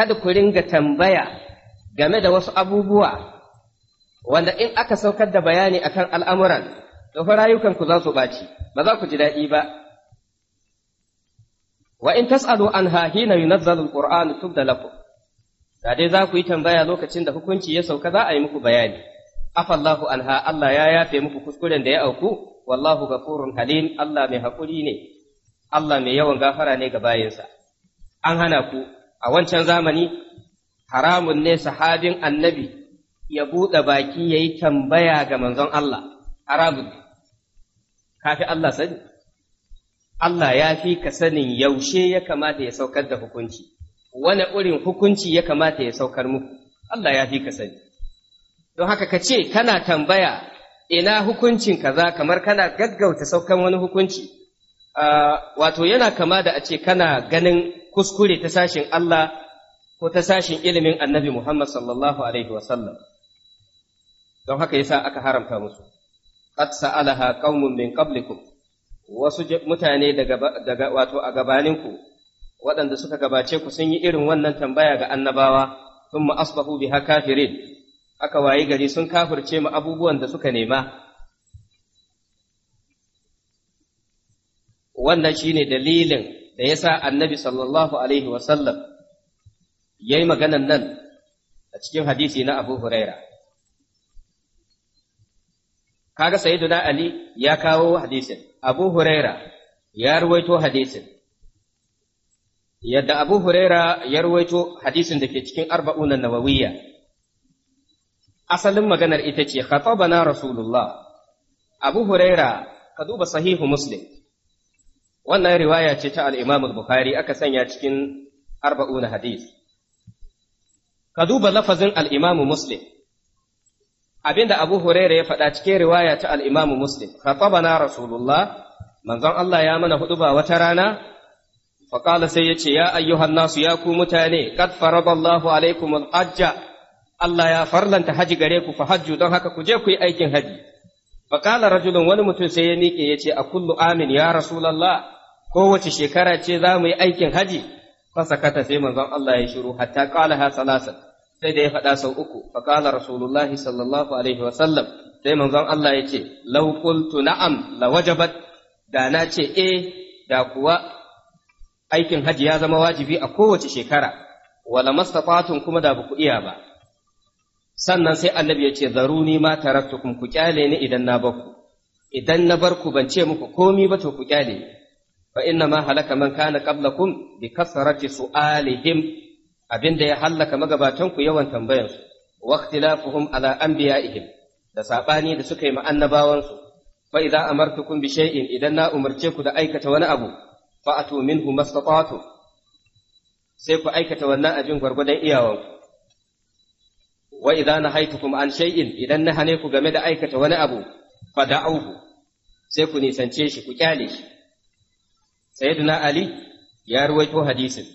kada ku ringa tambaya game da wasu abubuwa wanda in aka saukar da bayani akan al'amuran to rayukanku za su ɓaci ba za ku ji daɗi ba wa in tas'alu anha hina na alqur'anu tubda lakum da dai za ku yi tambaya lokacin da hukunci ya sauka za a yi muku bayani afallahu anha Allah ya yafe muku kuskuren da ya auku wallahu ghafurun halim Allah mai hakuri ne Allah mai yawan gafara ne ga bayinsa an hana ku a wancan zamani haramun ne sahabin annabi ya buɗe baki ya yi tambaya ga manzon Allah haramun ne kafi Allah sani Allah ya fi ka sanin yaushe ya kamata ya saukar da hukunci wani irin hukunci ya kamata ya saukar muku Allah ya fi ka sani don haka ka ce kana tambaya ina hukuncin kaza kamar kana gaggauta saukan wani hukunci wato yana kama da a ce kana ganin kuskure ta sashen Allah ko ta sashen ilimin annabi Muhammad sallallahu Alaihi wasallam. Don haka yasa aka haramta musu, Qad sa'alaha qaumun min qablikum wasu mutane daga wato a gabaninku waɗanda suka gabace ku sun yi irin wannan tambaya ga annabawa sun asbahu biha kafirin aka wayi gari sun kafirce ma abubuwan da suka nema wannan shine dalilin da ya sa annabi sallallahu alaihi wasallam ya yi maganan nan a cikin hadisi na Abu Huraira kaga sayyiduna Ali ya kawo hadisin Abu Huraira ya ruwaito hadisin yadda Abu Huraira ya ruwaito hadisin da ke cikin arba'una nawawiya. asalin maganar ita ce khatabana rasulullah Abu Huraira ka duba sahihu Muslim wannan riwaya ce ta alimam al-bukhari aka sanya cikin arba'una hadith ka duba lafazin al’imam muslim abinda abu huraira ya faɗa cikin riwaya ta al’imam muslim khataba na rasulullah manzon allah ya mana ba wata rana faƙala sai ya ce ya ayyuhan nasu ya ku mutane qad faradallahu alaikum al allah ya farlanta haji gare ku fa hajju don haka ku je ku yi aikin haji faƙala rajulun wani mutum sai ya miƙe ya ce a kullu amin ya rasulallah kowace shekara ce za mu yi aikin haji fasakata sai manzon Allah ya shiru hatta qala ha salasa, sai da ya faɗa sau uku fa qala rasulullahi sallallahu alaihi wa sallam sai manzon Allah ya ce law qultu na'am la wajabat da na ce eh da kuwa aikin haji ya zama wajibi a kowace shekara wala mastata'tum kuma da ba ku iya ba sannan sai annabi ya ce zaruni ma taraktukum ku kyale ni idan na barku idan na barku ban ce muku komi ba to ku kyale ni fa inna ma halaka man kana qablakum bi kasrati su'alihim abinda ya hallaka magabatan ku yawan tambayan su wa ikhtilafuhum ala anbiya'ihim da sabani da suka yi ma annabawan su fa idza amartukum bi shay'in idan na umarce ku da aikata wani abu fa atu minhu mastata'tu sai ku aikata wannan abin gwargwadon iyawanku wa idza an idan na hane ku game da aikata wani abu fada'uhu sai ku nisance shi ku kyale shi sayyidina ali ya ruwaito hadisin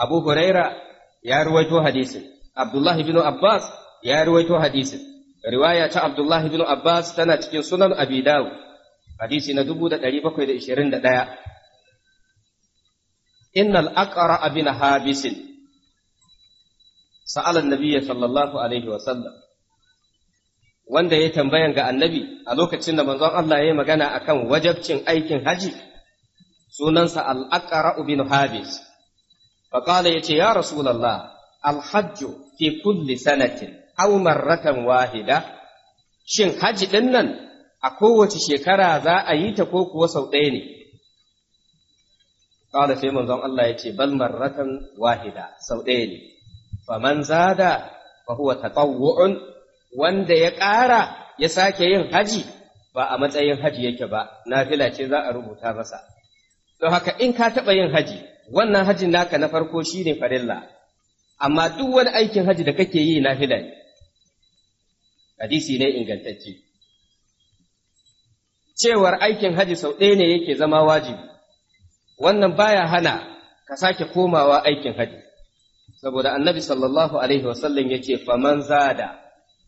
abu huraira ya ruwaito hadisin abdullah ibn abbas ya ruwaito hadisin riwaya ta abdullah ibn abbas tana cikin sunan abi dawud hadisi na 1721 innal aqra bin habisin sa'ala annabiyya sallallahu alaihi wa sallam wanda ya tambayan ga annabi a lokacin da manzon Allah ya yi magana akan wajabcin aikin haji sunansa al-aqra bin habis fa qala yace ya rasulallah alhajju hajj fi kulli sanatin aw marratan wahida shin haji ɗin nan a kowace shekara za a yi ta ko kuwa sau ɗaya ne qala sai manzon Allah yace bal marratan wahida sau ɗaya ne faman zada fa huwa tatawwu'un wanda ya ƙara ya sake yin haji ba a matsayin haji yake ba nafila ce za a rubuta masa Don haka in ka taɓa yin haji, wannan hajin naka na farko shi ne farilla, amma duk wani aikin haji da kake yi na ne. Hadisi ne ingantacce. Cewar aikin haji sau ɗaya ne yake zama wajibi, wannan baya hana ka sake komawa aikin haji. Saboda annabi sallallahu Alaihi wasallam ya ce, faman zada,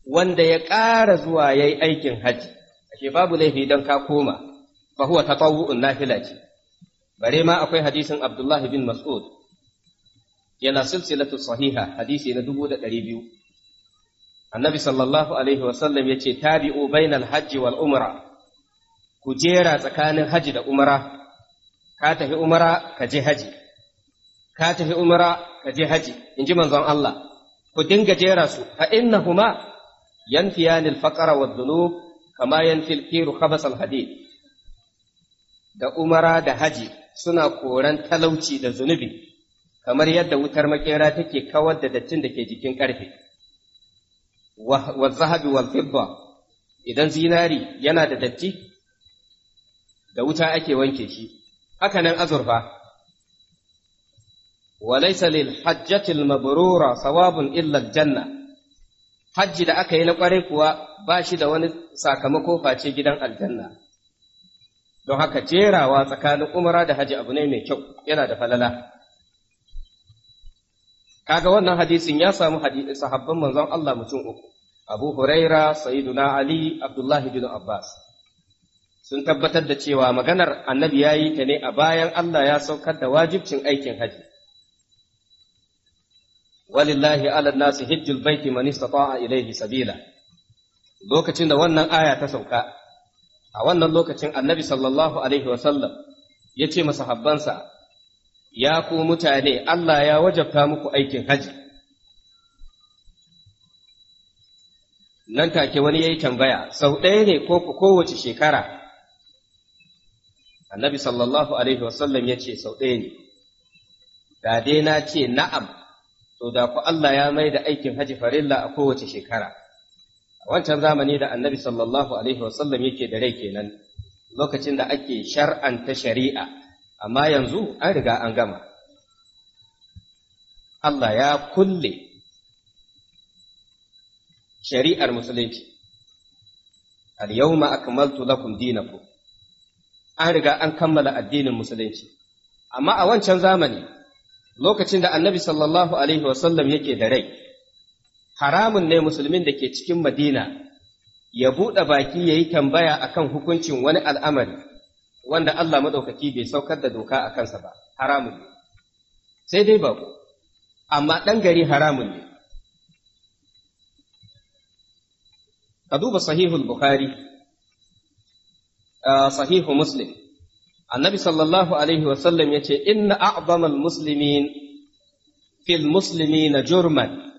wanda ya ƙara zuwa ya yi aikin haji, kashe babu laifi don ka koma, fa huwa tatawu'un nafila ce. bare ma akwai hadisin Abdullahi bin Mas'ud yana silsilatu sahiha hadisi na dubu da ɗari biyu annabi sallallahu alaihi wasallam ya ce tabi'u bainal hajji wal umra ku jera tsakanin haji da umra ka tafi umra ka je haji ka tafi umra ka je haji in ji manzon Allah ku dinga jera su fa innahuma yanfiyani al-faqra wad-dhunub kama yanfi al-kiru khabas al-hadid da umara da haji suna koran talauci da zunubi kamar yadda wutar makera take kawar da dattin da ke jikin ƙarfe wa zahabi wal fibba idan zinari yana da datti da wuta ake wanke shi haka nan azurfa wa laysa lil hajjati al mabrura sawabun illar janna hajji da aka yi na kware kuwa ba shi da wani sakamako face gidan aljanna don haka jerawa tsakanin umara da haji abu ne mai kyau yana da falala kaga wannan hadisin ya samu sahabban manzon Allah mutum uku Abu Huraira Sayyiduna Ali Abdullahi bin Abbas sun tabbatar da cewa maganar annabi ya yi ta ne a bayan Allah ya saukar da wajibcin aikin haji walillahi ala nasu hijjul baiti man istata'a ilayhi sabila lokacin da wannan aya ta sauka a wannan lokacin annabi sallallahu alaihi wasallam ya ce masahabbansa ya ku mutane Allah ya wajabta muku aikin haji nan take wani ya yi tambaya sau ɗaya ne ko kowace shekara annabi sallallahu alaihi wasallam ya ce sau ɗaya ne da dai na ce na'am to da ku Allah ya mai da aikin haji farilla a kowace shekara wancan zamani da annabi sallallahu alaihi wasallam yake da rai kenan lokacin da ake shar'anta shari'a amma yanzu an riga an gama Allah ya kulle shari'ar musulunci al-yawma akmaltu lakum dinakum an riga an kammala addinin musulunci amma a wancan zamani lokacin da annabi sallallahu alaihi wasallam yake da rai haramun ne musulmin da ke cikin Madina ya buɗe baki ya yi tambaya akan hukuncin wani al'amari wanda Allah maɗaukaki bai saukar da doka a kansa ba, haramun ne. Sai dai babu, amma ɗan gari haramun ne. Ka duba sahihul Bukhari, ah, sahihu Muslim, annabi sallallahu Alaihi wasallam ya ce, Inna a'bamal muslimin fil muslimina jurman.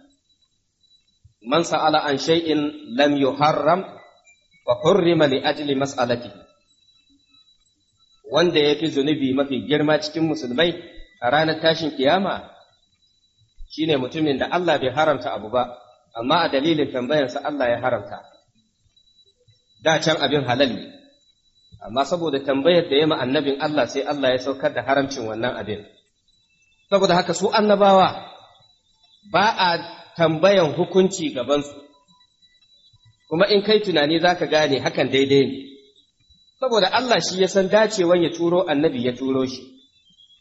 man sa'ala an shay'in lam yuharram wa hurrima li ajli mas'alati wanda yafi zunubi mafi girma cikin musulmai a ranar tashin kiyama shine mutumin da Allah bai haramta abu ba amma a dalilin tambayarsa Allah ya haramta da can abin halal ne amma saboda tambayar da ya annabin Allah sai Allah ya saukar da haramcin wannan abin saboda haka su annabawa ba a tambayan hukunci gabansu, kuma in kai tunani za ka gane hakan daidai ne, saboda Allah shi ya san dacewan ya turo annabi ya turo shi,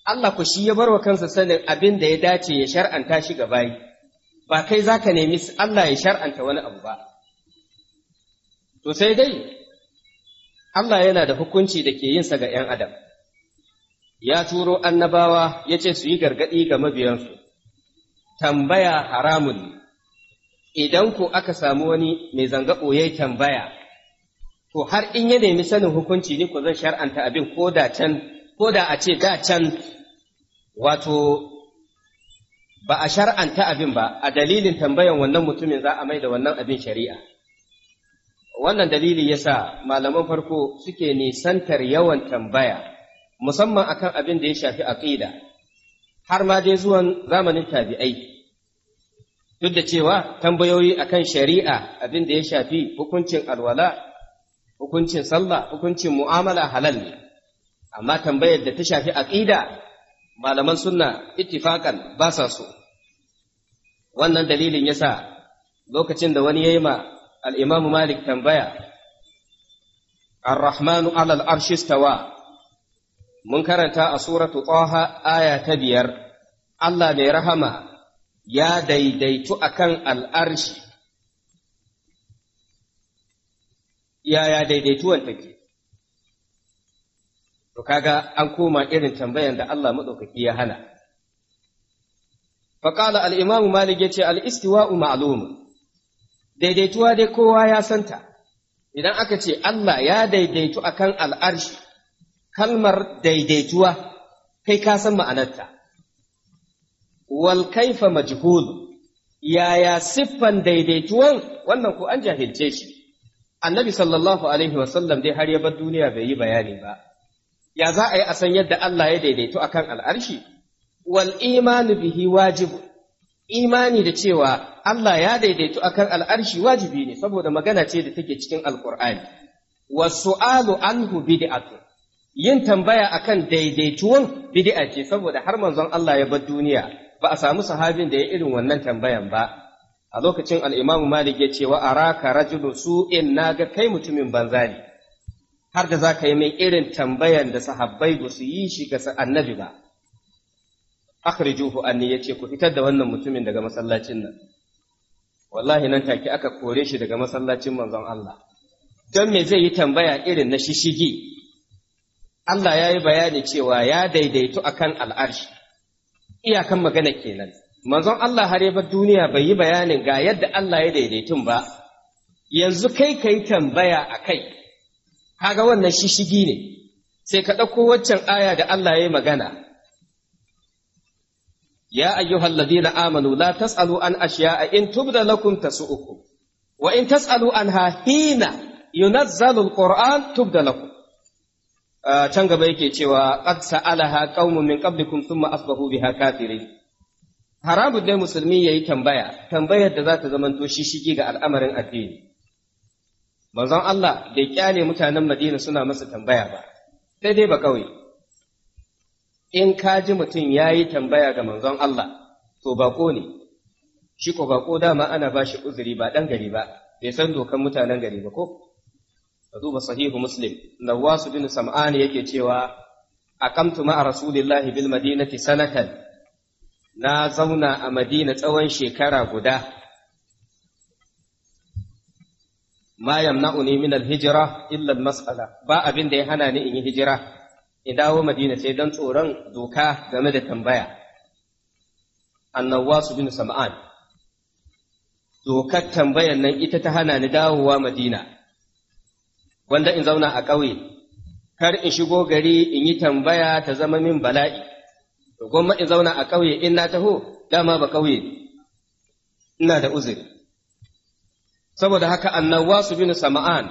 Allah ku shi ya bar wa kansa sanin abin da ya dace ya shar'anta shi ga bayi, ba kai za ka nemi Allah ya shar'anta wani abu ba. To sai dai, Allah yana da hukunci da ke yinsa ga ‘yan Adam, ya turo annabawa ya ce su yi gargaɗi ga mabiyansu. tambaya haramun ne, idan ku aka samu wani mai zanga ɓoye tambaya, to har in ya nemi sanin hukunci ne ku zan shar'anta abin ko da can, ko da a ce da can wato ba a shar'anta abin ba, a dalilin tambayan wannan mutumin za a mai da wannan abin shari'a. Wannan dalili sa malaman farko suke nisantar yawan tambaya, musamman akan abin da ya shafi aƙida. har ma dai zuwan zamanin tabi'ai duk da cewa tambayoyi akan shari'a abin da ya shafi hukuncin alwala hukuncin sallah hukuncin mu'amala halal ne amma tambayar da ta shafi aqida malaman sunna ittifaqan ba sa so wannan dalilin yasa lokacin da wani yayi ma al-Imam Malik tambaya Ar-Rahmanu 'ala al-arshi istawa mun karanta a suratu Taha aya ta biyar, Allah mai rahama ya daidaitu a kan al'arshi, yaya daidaituwan take. To kaga an koma irin tambayan da Allah maɗaukaki ya hana. Faƙala al'imamu Malik ya ce al'istiwa'u ma'alumu, daidaituwa dai kowa ya santa, idan aka ce Allah ya daidaitu akan al'arshi. kalmar daidaituwa kai ka san ma'anarta wal kaifa majhul yaya siffan daidaituwan wannan ko an jahilce shi annabi sallallahu alaihi wasallam dai har ya bar duniya bai yi bayani ba ya za a yi a san yadda Allah ya daidaitu akan al'arshi wal imanu bihi wajibu imani da cewa Allah ya daidaitu akan al'arshi wajibi ne saboda magana ce da take cikin alqur'ani was su'alu anhu bid'atun yin tambaya akan daidaituwan bid'a ce saboda har manzon Allah ya bar duniya ba a samu sahabin da ya irin wannan tambayan ba a lokacin al-Imam Malik ya ce wa araka rajulu su'in naga kai mutumin banza ne har da zaka yi mai irin tambayan da sahabbai ba su yi shi ga annabi ba akhrijuhu anni yace ku fitar da wannan mutumin daga masallacin nan wallahi nan take aka kore shi daga masallacin manzon Allah don me zai yi tambaya irin na shishigi Allah ya yi bayani cewa ya daidaitu akan al'arshi, iyakan magana kenan. Manzon Allah har bar duniya bai yi bayanin ga yadda Allah ya daidaitun ba, yanzu kai ka yi tambaya a kai, kaga wannan shishigi ne, sai ka ɗauko waccan aya da Allah ya yi magana. Ya ayyuhal ladina amanu la tas'alu an ashiya'a in tubda lakum tasu'ukum wa in tas'alu anha hina yunazzalu alquran tubda lakum can gaba yake cewa qad sa'alaha qaumun min qablikum thumma asbahu biha kafirin haramun dai musulmi yayi tambaya tambayar da za ta zamanto shishigi ga al'amarin addini manzon Allah bai kyale mutanen Madina suna masa tambaya ba sai dai ba kawai in ka ji mutum yayi tambaya ga manzon Allah to bako ne shi ko bako dama ana ba shi uzuri ba dan gari ba bai san dokan mutanen gari ba ko ka duba sahihu muslim nawasu bin sam'ani yake cewa akamtu ma'a rasulillahi bil madinati sanatan na zauna a madina tsawon shekara guda ma yamna'uni min al-hijra illa al-mas'ala ba abin da ya hana ni in yi hijira in dawo madina sai don tsoron doka game da tambaya annawasu bin sam'an dokar tambayan nan ita ta hana ni dawowa madina wanda in zauna a ƙauye, kar in shigo gari in yi tambaya ta zama min bala'i, to gwamma in zauna a ƙauye in na taho dama ba ƙauye, ina da uzuri. Saboda haka su bin sama'an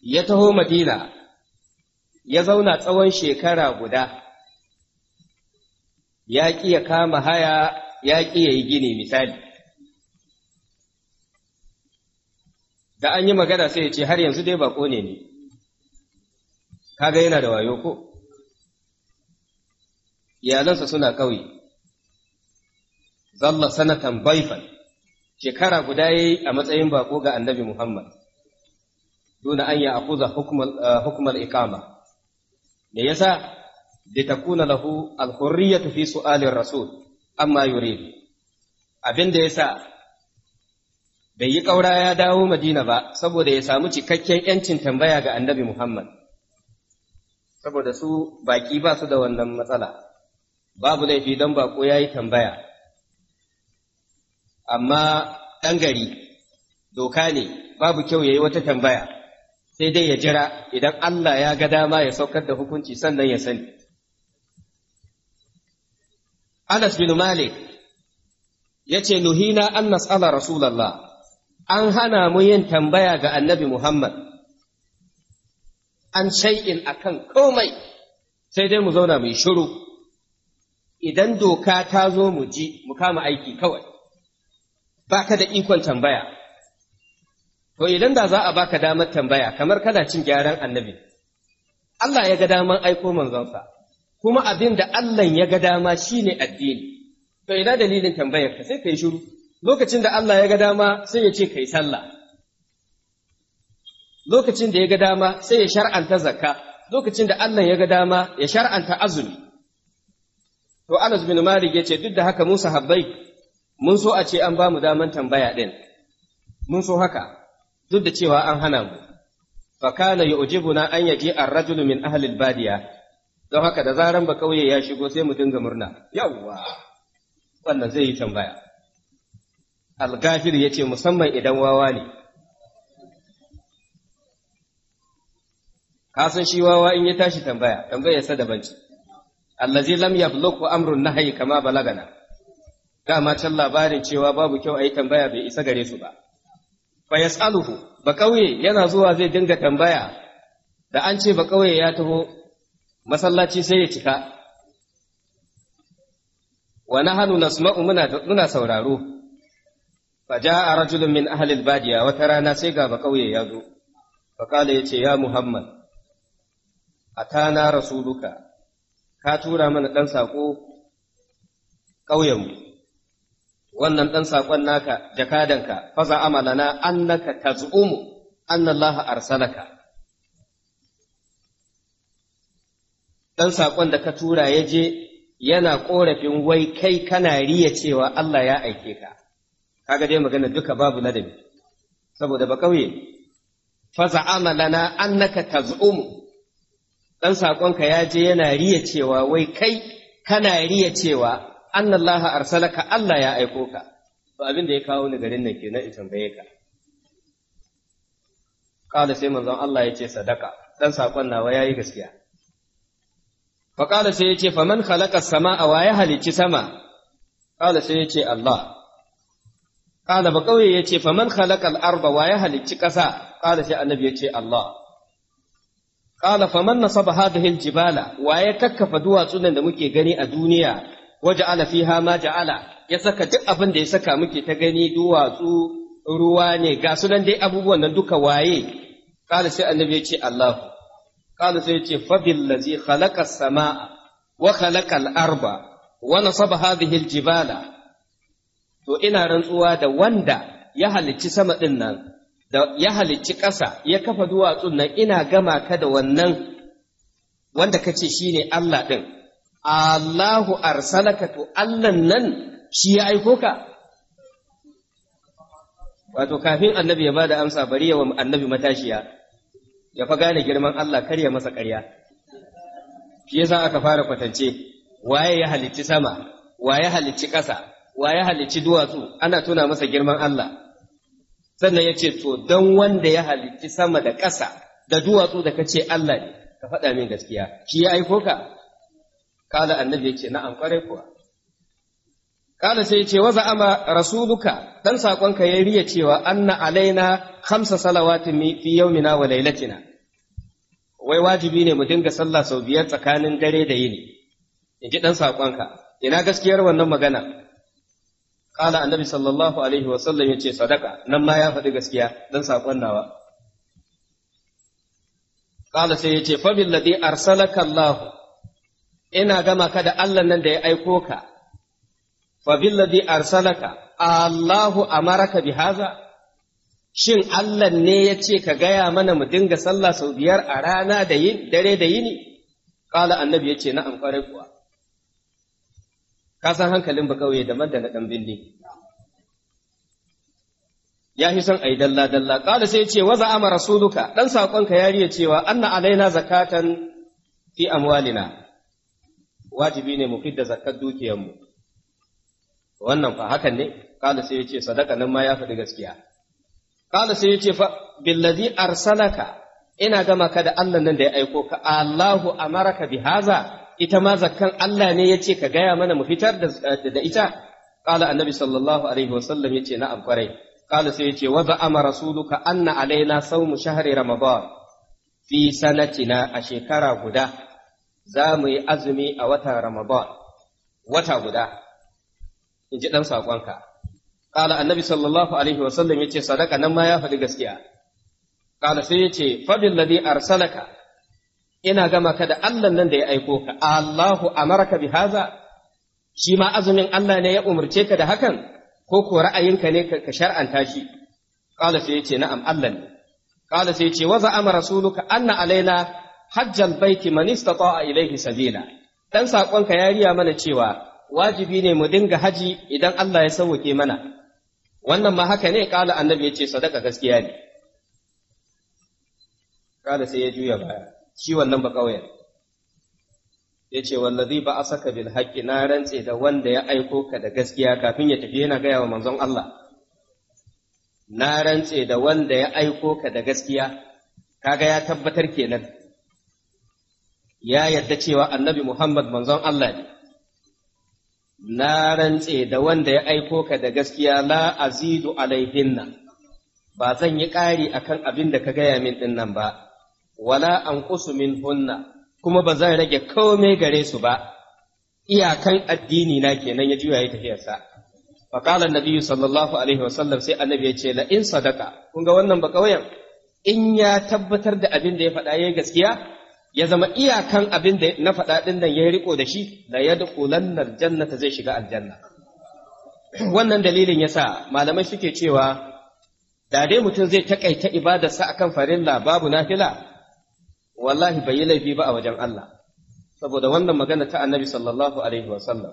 ya taho Madina, ya zauna tsawon shekara guda, ya ƙi ya kama haya, ya ƙi ya yi gini misali. da an yi magana sai ya ce har yanzu dai bako ne ne kaga yana da wayo ko iyalansa suna ƙauye zalla sanatan baifan shekara guda ya yi a matsayin bako ga annabi muhammad duna an eh, ya akuza hukumar ikama me yasa litakuna lahu alhurriyatu fi su'alin rasul amma yuridu abin da yasa bai yi ƙaura ya dawo Madina ba saboda ya samu cikakken ‘yancin tambaya ga annabi Muhammad, saboda su baƙi ba su da wannan matsala, babu laifi don baƙo ya yi tambaya, amma ɗan gari doka ne babu kyau ya yi wata tambaya, sai dai ya jira idan Allah ya ga dama ya saukar da hukunci sannan ya sani. Anas bin Malik ya ce, Nuhina an nas'ala Rasulallah. an hana mu yin tambaya ga annabi Muhammad an a kan komai sai dai mu zauna mai shiru idan doka ta zo mu ji mu kama aiki kawai baka da ikon tambaya to idan da za a baka damar tambaya kamar kana cin gyaran annabi Allah ya ga daman aiko manzonsa kuma abin da Allah ya ga dama ne addini to ina dalilin tambayar ka sai ka yi shiru lokacin da Allah ya ga dama sai ya ce kai sallah lokacin da ya ga dama sai ya shar'anta zakka lokacin da Allah ya ga dama ya shar'anta azumi to Anas bin Malik yace duk da haka mu sahabbai mun so a ce an ba mu daman tambaya din mun so haka duk da cewa an hana mu fa kana yu'jibuna an yaji ar-rajul min ahli al-badiya don haka da zaran ba kauye ya shigo sai mu dinga murna yawwa wannan zai yi tambaya gafir ya ce musamman idan wawa ne. Kasan shi wawa in ya tashi tambaya, tambaya ya daban ce. Allazi lam yablughu amrun hayi kama balagana. Dama can labarin cewa babu kyau a yi tambaya bai isa gare su ba. Fa Al'uhu, ba yana zuwa zai dinga tambaya da an ce ba ya taho masallaci sai ya cika. Wa nahnu nasma'u suna muna sauraro فجاء رجل من أهل البادية وترانا سيغا بقوي يزو فقال يتي يا محمد أتانا رسولك كاتورا من دان ساقو قويمو wannan ɗan saƙon naka jakadanka faza amalana annaka taz'umu annallaha arsalaka ɗan saƙon da ka tura ya je yana ƙorafin wai kai kana riya cewa Allah ya aike ka kaga dai magana duka babu ladabi saboda ba kauye fa za'ama lana annaka taz'umu dan sakonka ya je yana riya cewa wai kai kana riya cewa annallaha arsalaka Allah ya aiko ka to abin da ya kawo ni garin nan kenan in tambaye ka kala sai manzon Allah ya ce sadaka dan sakon nawa yayi gaskiya fa kala sai ya ce faman khalaqa samaa wa ya halicci sama kala sai ya ce Allah Ƙala ba ƙauye ya ce, faman khalaqal arba wa ya halicci ƙasa, ƙala sai annabi ya ce Allah. Ƙala faman nasaba hadhihi jibala wa ya kakkafa duwatsunan da muke gani a duniya, waje ala ha ma ja'ala, ya saka duk abin da ya saka muke ta gani duwatsu ruwa ne, ga sunan dai abubuwan nan duka waye. Ƙala sai annabi ya ce Allah. Ƙala sai ya ce, fabillazi khalaqas sama'a wa khalaqal arba wa na nasaba hadhihi jibala to ina rantsuwa da wanda ya halicci sama ɗin nan da ya halicci ƙasa ya kafa duwatsun nan ina gama ka da wannan wanda ka ce shi ne Allah ɗin Allahu arsalaka to Allah nan shi ya aiko ka wato kafin annabi ya ba da amsa bari yawan annabi matashiya ya fa gane girman Allah karya masa ƙarya shi yasa aka fara kwatance waye ya halicci sama waye halicci ƙasa wa ya halicci duwatsu ana tuna masa girman Allah sannan ya ce to don wanda ya halicci sama da ƙasa da duwatsu da kace Allah ne ka faɗa min gaskiya shi ya aiko ka kala annabi ya ce an kwarai kuwa kala sai ya ce waza ama rasuluka dan sakonka ya riya cewa anna alaina khamsa salawatin fi yawmina wa lailatina wai wajibi ne mu dinga sallah sau biyar tsakanin dare da yini in ji dan sakonka ina gaskiyar wannan magana kala annabi sallallahu alaihi wa sallam yace sadaka nan ma ya faɗi gaskiya dan sakon nawa kala sai yace fa bil ladhi arsalaka Allah ina gama ka da Allah nan da ya aiko ka fa bil ladhi arsalaka Allahu amaraka bi haza shin Allah ne ya ce ka gaya mana mu dinga sallah sau biyar a rana da yin dare da yini kala annabi yace na'am kwarai kuwa ka san hankalin ba kauye daban da na dan bindi ya fi son ayi dalla dalla kada sai ce wa za'ama rasuluka dan sakon ka yariya cewa anna alaina zakatan fi amwalina wajibi ne mu fidda zakat dukiyar mu wannan fa hakan ne kada sai ya ce sadaka nan ma ya faɗi gaskiya kada sai ya ce fa billazi arsalaka ina gama ka da Allah nan da ya aiko ka Allahu amaraka bi haza ita ma zakkan Allah ne ya ce ka gaya mana mu fitar da ita Ƙala annabi sallallahu alaihi wasallam ce na amfarai. Ƙala sai ya ce wa za'ama rasuluka anna alaina mu shahri ramadan fi sanatina a shekara guda za mu yi azumi a watan ramadan wata guda in ji ɗan saƙonka. Ƙala annabi sallallahu alaihi wasallam ce sadaka nan ma ya faɗi gaskiya Ƙala sai ya ce bil ladhi arsalaka ina gama ka da Allah nan da ya aiko ka Allahu amaraka bi haza shi ma azumin Allah ne ya umarce ka da hakan ko ko ra'ayinka ne ka shar'anta shi qala sai yace na'am Allah ne qala sai yace wa amara rasuluka anna alaina hajjal baiti man istata'a ilayhi sabila dan sakonka ya riya mana cewa wajibi ne mu dinga haji idan Allah ya sauke mana wannan ma haka ne kala annabi yace sadaka gaskiya ne kala sai ya juya baya shi wannan ba ƙauyen ya ce wallazi ba a saka bil haƙƙi na rantse da wanda ya aiko ka da gaskiya kafin ya tafi yana gaya wa manzon Allah na rantse da wanda ya aiko ka da gaskiya kaga ya tabbatar kenan ya yarda cewa annabi Muhammad manzon Allah ne na rantse da wanda ya aiko ka da gaskiya la azidu alaihinna ba zan yi ƙari akan abin da ka gaya min ɗin nan ba wala an min hunna kuma ba zan rage komai gare su ba iyakan addini na kenan ya juya ya tafiyarsa fa qala annabiyyu sallallahu alaihi wasallam sai annabi ya ce la in sadaka kun ga wannan ba kauyen in ya tabbatar da abin da ya faɗa yayi gaskiya ya zama iyakan abin da na faɗa din nan yayi riko da shi la yadkhulanna jannata zai shiga aljanna wannan dalilin yasa malamai suke cewa da dai mutum zai takaita ibadarsa akan farilla babu nafila wallahi bai yi laifi ba a wajen Allah saboda wannan magana ta annabi sallallahu alaihi wa sallam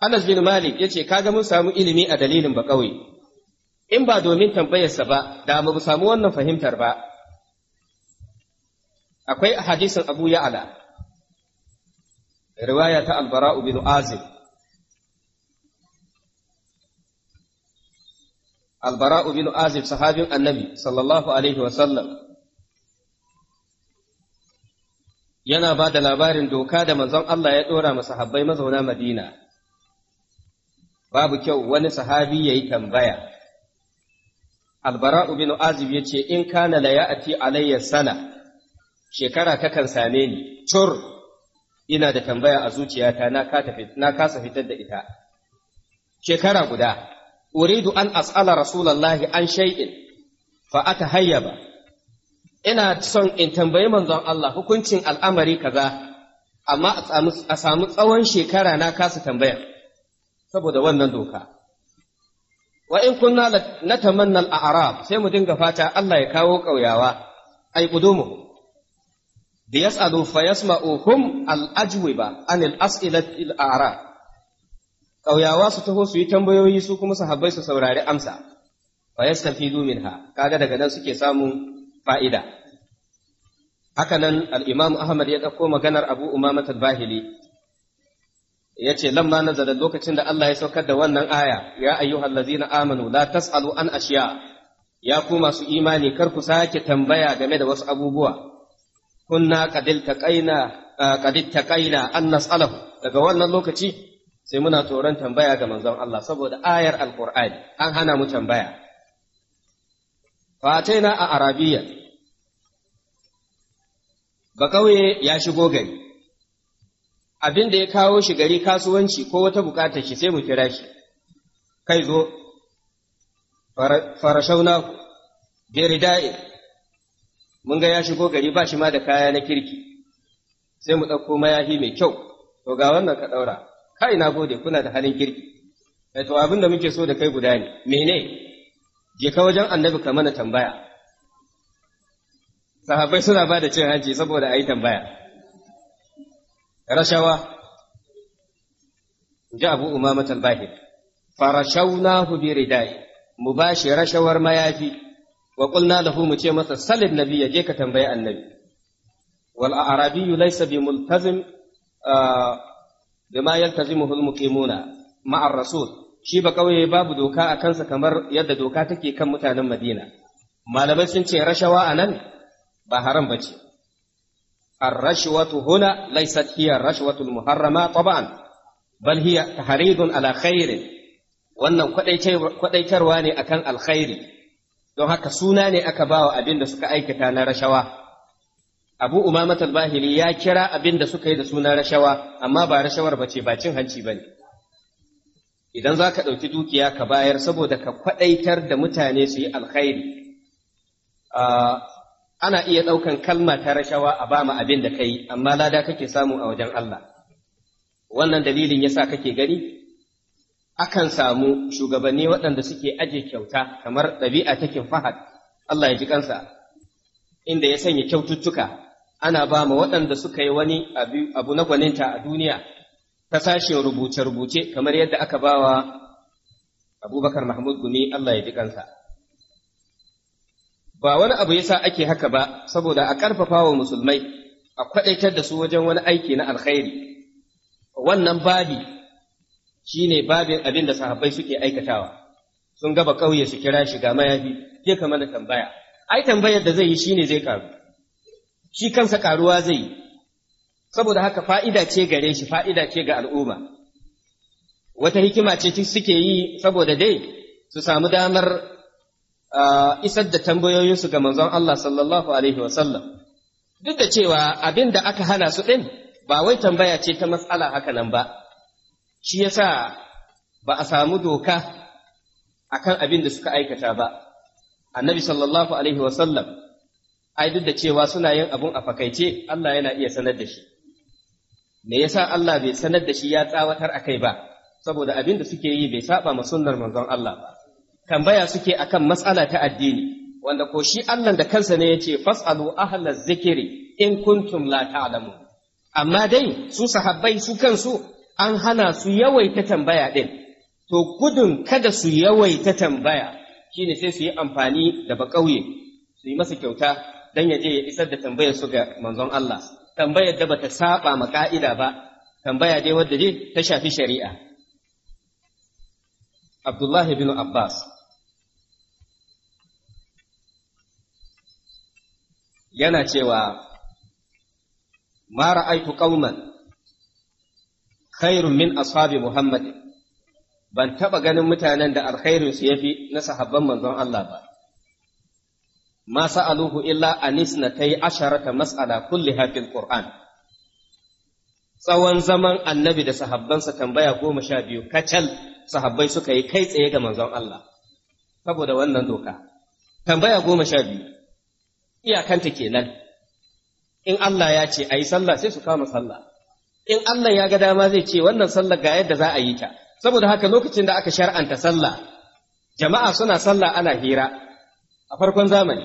Anas bin Malik yace kaga mun samu ilimi a dalilin ba kawai? in ba domin tambayarsa ba da mu samu wannan fahimtar ba akwai hadisin Abu Ya'la riwaya ta Al-Bara'u bin Azib Al-Bara'u bin Azib sahabin Annabi sallallahu alaihi wa sallam yana ba da labarin doka da manzon Allah ya ɗora masa habbai mazauna Madina. Babu kyau wani sahabi ya yi tambaya. Albara'u bin Azib ya ce, In kana la ya'ati alayya sana, shekara kakan same ni, cur, ina da tambaya a zuciyata na kasa fitar da ita. Shekara guda, uridu an as'ala Rasulallahi an shay'in, fa'ata ata ba. ina son in tambayi manzon Allah hukuncin al'amari kaza amma a samu tsawon shekara na kasa tambaya saboda wannan doka wa in kunna na tamannal a'rab sai mu dinga fata Allah ya kawo ƙauyawa ai qudumu bi yas'alu fa yasma'uhum al ajwiba an al as'ilati al a'rab ƙauyawa su taho su yi tambayoyi su kuma sahabbai su saurari amsa fa yastafidu minha kaga daga nan suke samun fa'ida. Haka nan al’imamu Ahmad ya ɗauko maganar Abu Umama al ya ce, Lamma nazarin lokacin da Allah ya saukar da wannan aya, ya hallazi na amanu, la tas'alu an ashiya, ya ku masu imani kar ku sake tambaya game da wasu abubuwa. Kunna kadil ta kaina an nas'alahu daga wannan lokaci sai muna tsoron tambaya ga manzon Allah saboda ayar alkur'ani an hana mu tambaya fa a arabiya ba kawai ya shigo gari abin da ya kawo shi gari kasuwanci ko wata bukatar shi sai mu kira shi kai zo farashauna berida'i mun ga ya shigo gari ba shi ma da kaya na kirki sai mu ɗauko mayafi mai kyau to ga wannan ka ɗaura kai na gode kuna da halin kirki eh, to abin da muke so da kai guda ne mene je ka wajen annabi ka mana tambaya sahabbai suna ba da cin hanci saboda a yi tambaya rashawa ji abu umama talbahir farashaunahu bi ridai mu ba shi rashawar mayafi wa qulna lahu mu ce masa salin nabi ya je ka tambayi annabi wal arabi laisa bi multazim bima yaltazimuhu al muqimuna ma'a rasul shi ba kauye babu doka a kansa kamar yadda doka take kan mutanen madina malamai sun ce rashawa anan ba haram ba ce الرشوة هنا ليست هي الرشوة المحرمة طبعا بل هي تحريض على خير wannan kwadaitarwa ne akan alkhairi don haka suna ne aka bawa abin da suka aikata na rashawa abu umamat al-bahili ya kira abinda suka yi da suna rashawa amma ba rashawar ba ce ba cin hanci ba ne idan za ka ɗauki dukiya ka bayar saboda ka kwadaitar da mutane su yi alkhairi ah, ana iya ɗaukan kalma ta rashawa a ba mu abin da kai amma lada kake samu a wajen Allah wannan dalilin yasa kake gani akan samu shugabanni waɗanda suke aje kyauta kamar ɗabi'a take fahad Allah ya ji kansa inda ya sanya kyaututtuka ana ba mu waɗanda suka yi wani abu na gwaninta a duniya ta sashen rubuce-rubuce kamar yadda aka bawa abubakar mahmud gumi Allah ya ji kansa. ba wani abu yasa ake haka ba saboda a ƙarfafa wa musulmai a kwaɗaitar da su wajen wani aiki na alkhairi wannan babi shine babin abin da sahabbai suke aikatawa sun gaba ƙauye su kira shi ga mayafi je kama mana tambaya ai tambayar da zai yi shi ne zai karu shi kansa karuwa zai yi saboda haka fa'ida ce gare shi fa'ida ce ga al'umma wata hikima ce suke yi saboda dai su samu damar isar da tambayoyinsu ga manzon Allah sallallahu alaihi wasallam duk da cewa abin da aka hana su ɗin ba wai tambaya ce ta matsala haka nan ba shi yasa ba a samu doka akan abin da suka aikata ba annabi sallallahu alaihi wasallam ai duk da cewa suna yin abun a fakaice Allah yana iya sanar da shi me yasa Allah bai sanar da shi ya tsawatar a kai ba saboda abin da suke yi bai saba ma sunnar manzon Allah ba tambaya suke akan matsala ta addini wanda ko shi Allah da kansa ne yace fasalu ahla zikiri in kuntum la ta'lamun amma dai su sahabbai su kansu an hana su yawaita tambaya din to gudun kada su yawaita tambaya shine sai su yi amfani da bakauye su yi masa kyauta dan ya je ya isar da tambayar su ga manzon Allah tambayar da bata saba ma ka'ida ba tambaya dai wadda dai ta shafi shari'a Abdullahi bin Abbas yana cewa ma ra'aitu qauman khairun min ashabi Muhammad ban taɓa ganin mutanen da alkhairinsu ya fi na sahabban manzon Allah ba. Ma sa'aluhu illa anis na ta yi asharata mas'ala kulli hafin Qur'an. Tsawon zaman annabi da sahabbansa tambaya goma sha biyu kacal sahabbai suka yi kai tsaye ga manzon Allah, saboda wannan doka. Tambaya goma sha biyu. iyakanta kenan in Allah ya ce yi sallah sai su kama sallah in Allah ya ga dama zai ce wannan sallah ga yadda za a yi ta saboda haka lokacin da aka shar'anta sallah jama'a suna sallah ana hira a farkon zamani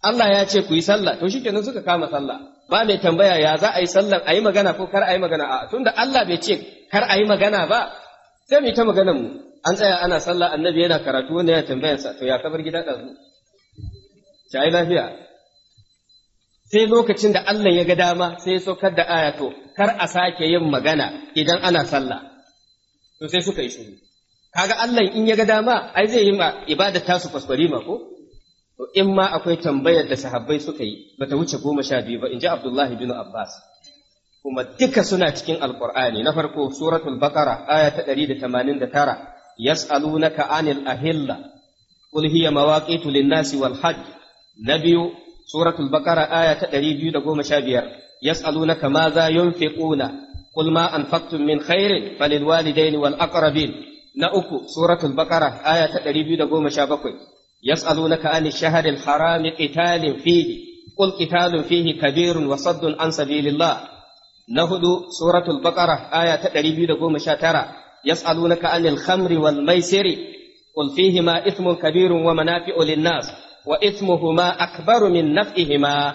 Allah ya ce ku yi sallah to shikenan suka kama sallah ba mai tambaya ya za a yi sallah, a yi magana ko kar a yi magana a tunda Allah bai ce kar a yi magana ba sai mu ta maganar mu an tsaya ana sallah annabi yana karatu wanda yana tambayarsa. to ya kabar gida ɗazu ta yi lafiya sai lokacin da Allah ya ga dama sai ya saukar da aya to kar a sake yin magana idan ana sallah to sai suka yi shiru kaga Allah in ya ga dama ai zai yi ma ibada ta su kwaskwari ma ko to in ma akwai tambayar da sahabbai suka yi bata wuce goma sha biyu ba in ji Abdullahi bin Abbas kuma duka suna cikin alqur'ani na farko suratul baqara aya ta 189 yas'alunaka anil ahilla qul hiya mawaqitu lin-nasi wal hajj na biyu suratul baqara aya ta 215 naka ma za yunfiquna qul ma anfaqtum min khairin falil walidayni wal aqrabin na uku suratul baqara aya ta 217 yas'alunaka ani shahril harami qitalin fihi qul qitalun fihi Kabiru wa saddun an sabilillah na hudu suratul baqara aya ta 219 يسألونك عن الخمر والميسر قل فيهما إثم كبير ومنافع للناس وإثمهما أكبر من نفعهما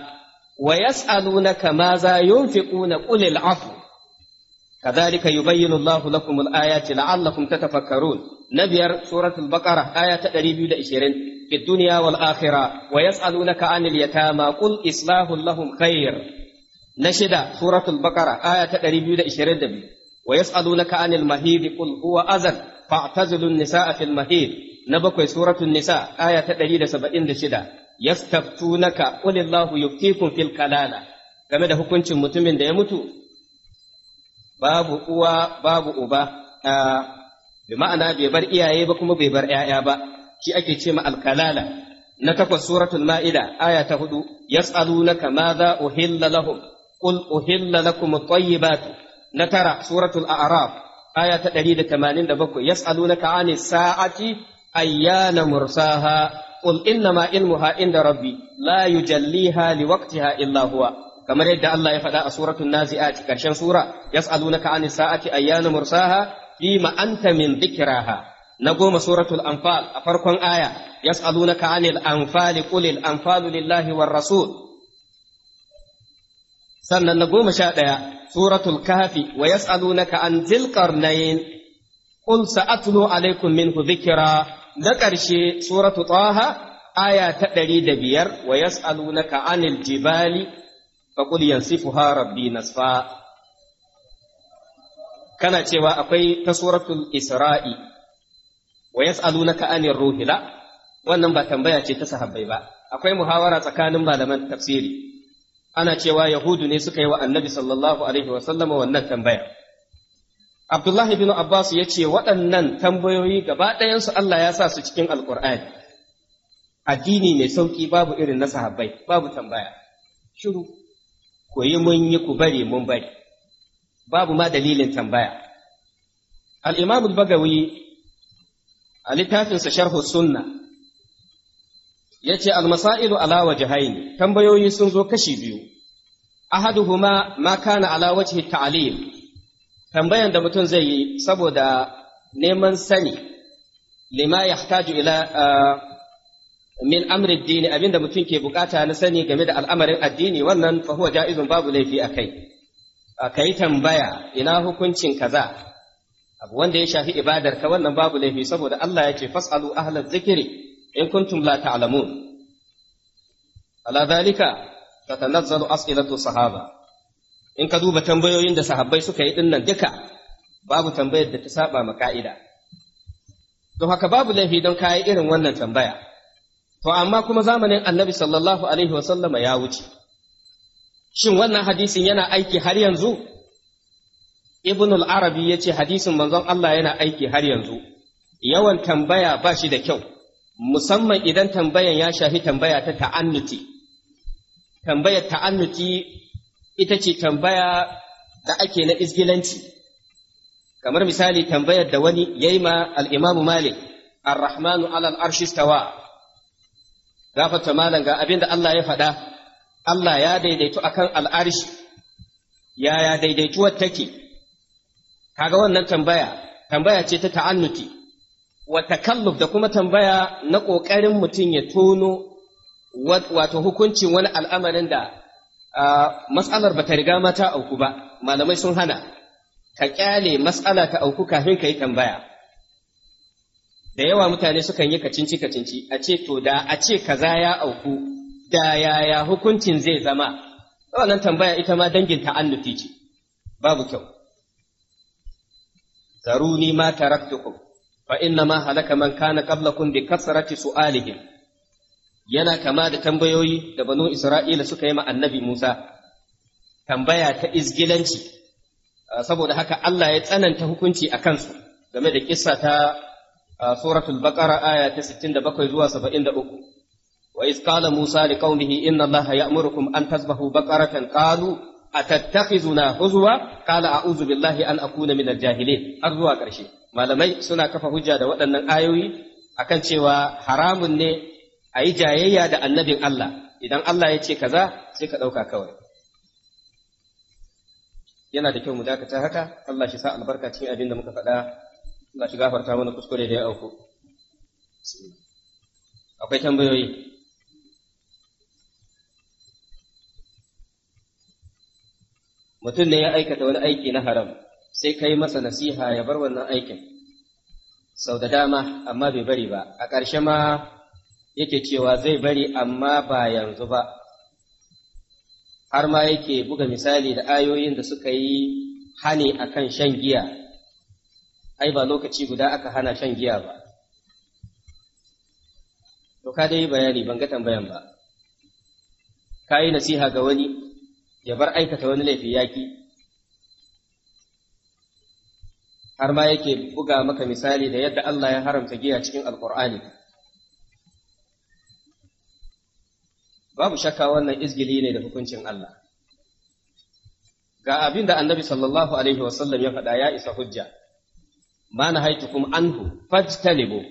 ويسألونك ماذا ينفقون قل العفو كذلك يبين الله لكم الآيات لعلكم تتفكرون نبير سورة البقرة آية لإشيرين في الدنيا والآخرة ويسألونك عن اليتامى قل إصلاح لهم خير نشد سورة البقرة آية لإشيرين ويسألونك عن المهيد قل هو أذى فاعتزلوا النساء في المهيد na bakwai suratun nisa aya ta ɗari da saba'in da shida yastaftunaka qulillahu yuftikum fil kalala game da hukuncin mutumin da ya mutu babu uwa babu uba bi ma'ana bai bar iyaye ba kuma bai bar 'ya'ya ba shi ake ce ma alkalala na takwas suratul ma'ida aya ta hudu yas'alunaka madha uhilla lahum qul uhilla lakum at-tayyibat na tara suratul a'raf aya ta 187 yas'alunaka 'anis sa'ati ayyana mursaha qul innama ilmuha inda rabbi la hali liwaqtiha illa huwa kamar yadda Allah ya faɗa a suratul nazi'at karshen sura yas'alunaka 'anis sa'ati ayyana mursaha bima anta min dhikraha na goma suratul anfal a farkon aya yas'alunaka 'anil anfali qulil anfalu lillahi war rasul sannan na goma sha ɗaya suratul kafi wa yas'alunaka qul sa'atlu alaikum minhu dhikra da ƙarshe suratu taha aya ta ɗari da biyar wa kana cewa akwai ta suratul isra'i wa yas'alunaka anir ruhi la wannan ba tambaya ce ta sahabbai ba akwai muhawara tsakanin malaman tafsiri ana cewa yahudu ne suka yi wa annabi sallallahu alaihi wa sallama wannan tambaya Abdullahi bin Abbas ya ce waɗannan tambayoyi gaba ɗayansu Allah ya sa su cikin Alƙur'ani. Addini mai sauƙi babu irin na sahabbai, babu tambaya. Shiru, ku yi mun yi ku bari mun bari, babu ma dalilin tambaya. Al'imam bagawi a littafinsa sharhu sunna ya ce almasa'ilu ala jihaini tambayoyi sun zo kashi biyu ahaduhuma ma kana ala wajhi ta'alim tambayan da mutum zai yi saboda neman sani lima yahtaju ila min amrin dini abinda mutum ke bukata na sani game da al'amarin addini wannan fa huwa ja'izun babu laifi a kai tambaya ina hukuncin kaza abu wanda ya shafi ibadar ka wannan babu laifi saboda Allah ya ce fasalu ahlaz zikri in kuntum la ta'lamun ala dhalika tatanazzalu as'ilatu sahaba in ka duba tambayoyin da sahabbai suka yi dinnan duka babu tambayar da ta saba ma ka'ida don haka babu laifi don kayi irin wannan tambaya to amma kuma zamanin annabi sallallahu alaihi wa sallama ya wuce shin wannan hadisin yana aiki har yanzu ibn al-arabi ya ce hadisin manzon Allah yana aiki har yanzu yawan tambaya ba shi da kyau musamman idan tambayan ya shafi tambaya ta ta'annuti tambayar ta'annuti ita ce tambaya da ake na izgilanci kamar misali tambayar da wani ya yi ma al'imamu malik ar-rahmanu alal arshistawa gafata malam ga abin da Allah ya faɗa Allah ya daidaitu akan al'arshi yaya daidaituwar take kaga wannan tambaya tambaya ce ta ta'annuti wa takalluf da kuma tambaya na ƙoƙarin mutum ya tono wato hukuncin wani al'amarin da matsalar ba ta riga mata auku ba malamai sun hana ka kyale masala ta auku kafin ka yi tambaya da yawa mutane sukan yi kacinci kacinci a ce to da a ce kaza ya auku da yaya hukuncin zai zama wannan tambaya ita ma dangin ta'annufi ce babu kyau zaruni ma taraktukum fa inna ma halaka man kana qablakum bi kasrati su'alihim yana kama da tambayoyi da banu Isra'ila suka yi ma annabi Musa, tambaya ta izgilanci, ah, saboda haka Allah ya tsananta hukunci a kansu game da kisa ta ah, suratul baqara aya ta 67 zuwa 73. Wa iz qala Musa li qaumihi inna Allaha ya'murukum an tasbahu baqaratan qalu atattakhizuna huzwa qala a'udhu billahi an akuna minal jahilin har zuwa ƙarshe. Malamai suna kafa hujja da waɗannan ayoyi akan cewa haramun ne a yi jayayya da annabin Allah idan Allah ya ce ka za, sai ka ɗauka kawai yana da kyau mu dakata haka Allah shi sa albarka cikin abin da muka faɗa Allah shi gafarta mana kuskure da ya auku akwai tambayoyi mutum ne ya aikata wani aiki na haram sai kai masa nasiha ya bar wannan aikin sau da dama amma bai bari ba a ƙarshe ma yake cewa zai bari amma ba yanzu ba har ma yake buga misali da ayoyin da suka yi hani akan shan giya ai ba lokaci guda aka hana shan giya ba to ka dai bayani ban ga tambayan ba ka yi nasiha ga wani ya bar aikata wani laifi yaki har ma yake buga maka misali da yadda Allah ya haramta giya cikin alkur'ani babu shakka wannan izgili ne da hukuncin Allah ga abin da annabi sallallahu alaihi wasallam ya faɗa ya isa hujja ma na kuma anhu fajtalibu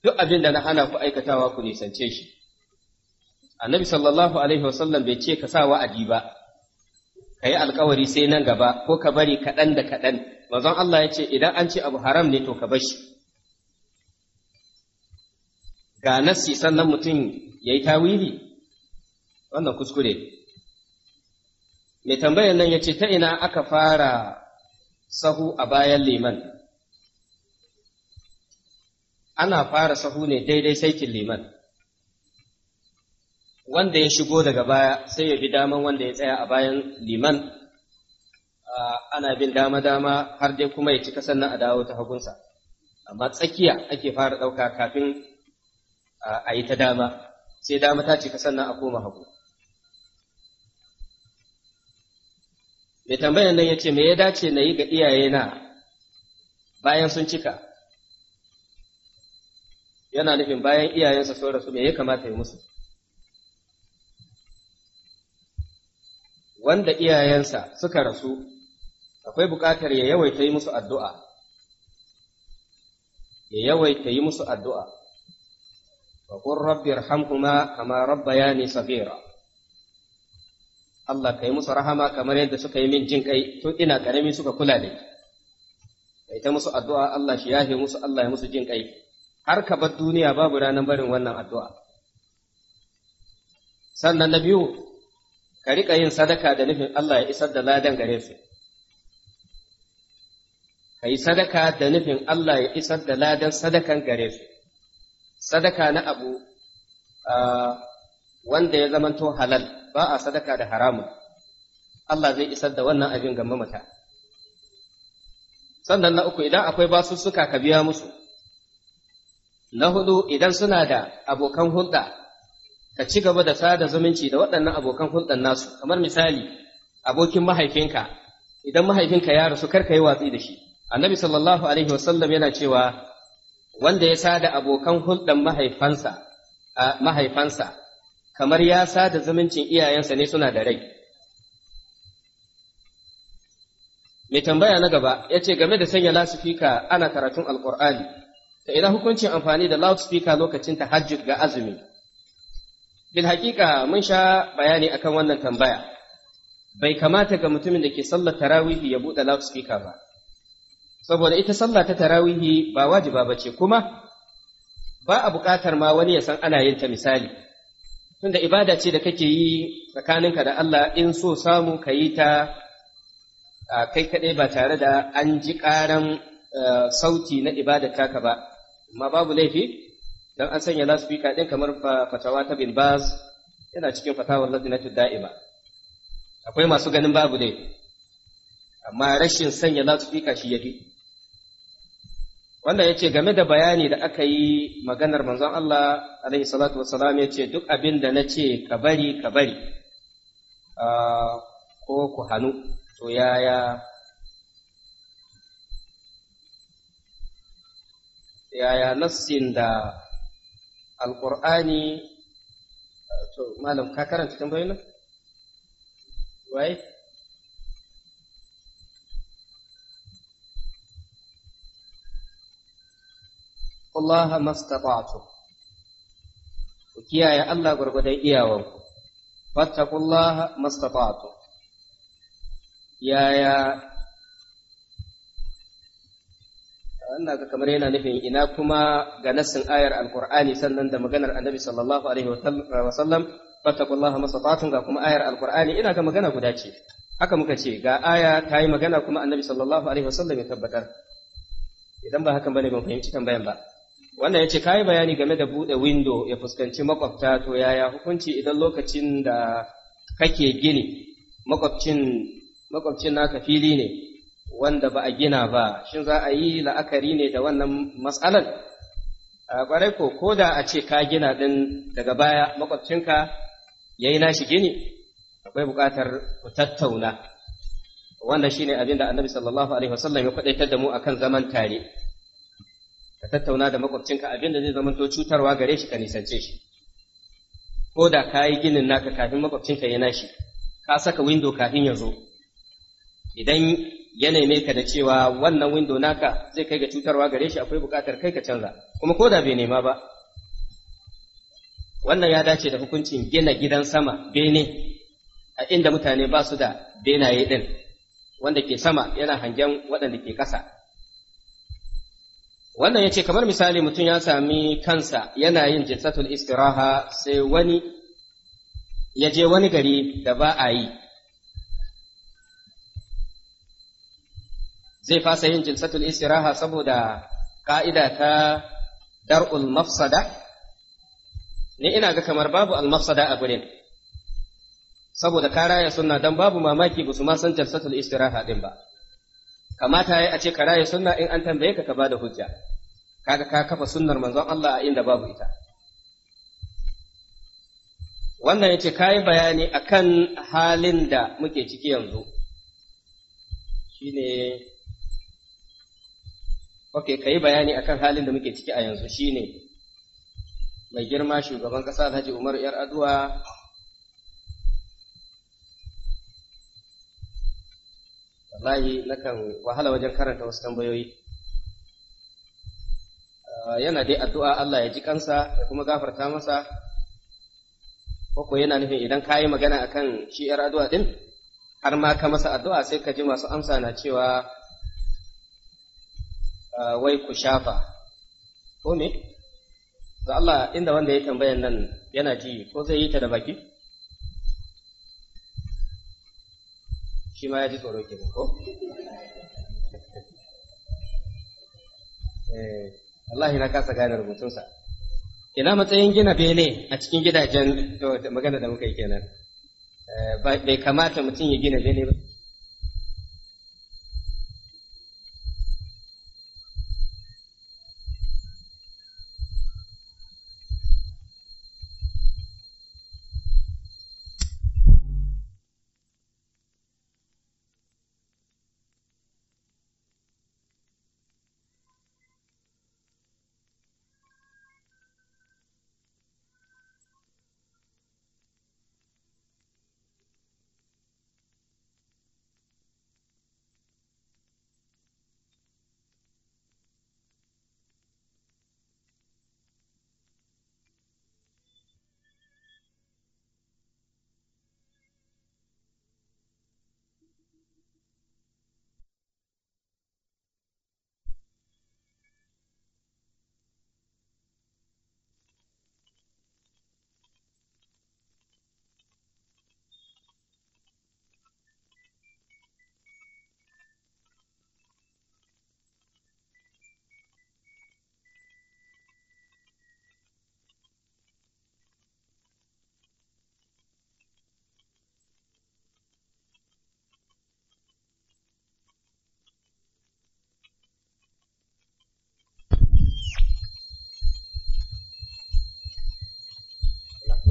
duk abin da na hana ku aikatawa ku nisance shi annabi sallallahu alaihi wasallam bai ce ka sa wa'adi ba ka yi alkawari sai nan gaba ko ka bari kaɗan da kaɗan manzon Allah ya ce idan an ce abu haram ne to ka bar shi ga nassi sannan mutum ya yi tawili wannan kuskure mai tambayar nan ya ce ta ina aka fara sahu a bayan liman ana fara sahu ne daidai saikin liman wanda ya shigo daga baya sai ya bi daman wanda ya tsaya a bayan liman ana bin dama-dama har dai kuma ya cika sannan a dawo ta hagunsa amma tsakiya ake fara ɗauka kafin a yi ta dama sai dama ta cika sannan a koma hagu mai tambayan nan ya ce me ya dace na yi ga iyaye na bayan sun cika yana nufin bayan iyayensa sun rasu me ya kamata ya musu wanda iyayensa suka rasu akwai buƙatar ya yawaita yi musu addu'a ya yawaita yi musu addu'a wa rabbi irhamhuma kama rabbayani safira Allah ka yi musu rahama kamar yadda suka yi min jin kai tun ina karami suka kula da ni ita musu addu'a Allah shi yafe musu Allah ya musu jin kai har ka bar duniya babu ranar barin wannan addu'a sannan na biyu ka riƙa yin sadaka da nufin Allah ya isar da ladan gare su ka yi sadaka da nufin Allah ya isar da ladan sadakan gare su sadaka na abu ah, wanda ya zamanto halal ba a sadaka da haramun Allah zai isar da wannan abin ga mamata sannan na uku idan akwai basussuka ka biya musu na hudu idan suna da abokan hulɗa ka ci gaba da sada zumunci da waɗannan abokan hulɗan nasu kamar misali abokin mahaifinka idan mahaifinka ya rasu kar ka yi watsi da shi annabi sallallahu alaihi wasallam yana cewa wanda ya sada abokan hulɗan mahaifansa mahaifansa kamar ya sa da zumuncin iyayensa ne suna da rai mai tambaya na gaba ya ce game da sanya lasifika ana karatun alkur'ani ta ina hukuncin amfani da loudspeaker lokacin hajji ga azumi bil haƙiƙa mun sha bayani akan wannan tambaya bai kamata ga mutumin da ke sallar tarawihi ya buɗe loudspeaker ba saboda ita sallah ta tarawihi ba wajiba ba ce kuma ba a buƙatar ma wani ya san ana yin ta misali tunda ibada ce da kake yi tsakaninka da Allah in so samu ka yi ta kai kaɗai ba tare da an ji ƙaran sauti na ibadata taka ba amma babu laifi don an sanya lasfika ɗin kamar fatawa ta bin baz yana cikin fatawar ladinatu da'ima akwai masu ganin babu laifi amma rashin sanya lasfika shi yafi wannan ya ce game da bayani da aka yi maganar manzon Allah alaihi salatu wassalam ya ce duk abin da na ce ka bari ka bari ko ku hannu to yaya yaya nassin da alƙur'ani to malam ka karanta tambayoyin nan waye Allah mastata'tum ku kiyaye Allah gurgudan iyawanku fattaqullaha mastata'tum yaya Allah ka kamar yana nufin ina kuma ga nassin ayar alqur'ani sannan da maganar annabi sallallahu alaihi wa sallam fattaqullaha mastata'tum ga kuma ayar alqur'ani ina ga magana guda ce haka muka ce ga aya ta yi magana kuma annabi sallallahu alaihi wa sallam ya tabbatar idan ba hakan bane ban fahimci tambayan ba wannan ya ce ka yi bayani game da buɗe windo ya fuskanci makwabta to yaya hukunci idan lokacin da kake gini makwabcin naka fili ne wanda ba a gina ba shin za a yi la'akari ne da wannan matsalar a ƙwarai ko ko da a ce ka gina ɗin daga baya makwabcinka ya yi nashi gini akwai buƙatar ku tattauna wannan shine abin da annabi sallallahu alaihi wasallam ya kwaɗaitar da mu akan zaman tare ka tattauna da makwabcinka abin da zai zama to cutarwa gare shi ka nisance shi ko da ka yi ginin naka kafin makwabcinka ya nashi ka saka windo kafin ya zo idan ya mai ka da cewa wannan windo naka zai kai ga cutarwa gare shi akwai buƙatar kai ka canza kuma ko da bai nema ba wannan ya dace da hukuncin gina gidan sama bene a inda mutane ba su da benaye ɗin wanda ke sama yana hangen waɗanda ke ƙasa wannan yace kamar misali mutum ya sami kansa yana yin jilsatul istiraha sai wani ya je wani gari da ba a yi zai fasa yin jinsatul istiraha saboda ka'ida ta dar'ul mafsada ni ina ga kamar babu al-mafsada a gurin saboda ka raya sunna dan babu mamaki ba su ma san jinsatul istiraha din ba kamata ya a ce ka raya sunna in an tambaye ka ka bada hujja kaga ka kafa sunnar manzon Allah a inda babu ita wannan yace kai bayani akan halin da muke ciki yanzu shine okay kai bayani akan halin da muke ciki a yanzu shine mai girma shugaban kasa Alhaji Umar Yar Aduwa wallahi nakan wahala wajen karanta wasu tambayoyi Ah, yana dai addu'a Allah ya ji kansa ya kuma gafarta masa ko yana nufin idan ka yi magana akan shi ‘yar addu'a ɗin har ma ka masa addu'a sai ka ji masu amsa na cewa ah, wai ku shafa ko ne ga Allah inda wanda ya tambayan nan yana ji ko zai yi ta da baki shi ma ya ji tsoro ke ko eh. wallahi na kasa gane rubutunsa ina matsayin gina bene a cikin gidajen magana da muka yi kenan eh, bai kamata mutum ya gina bene ba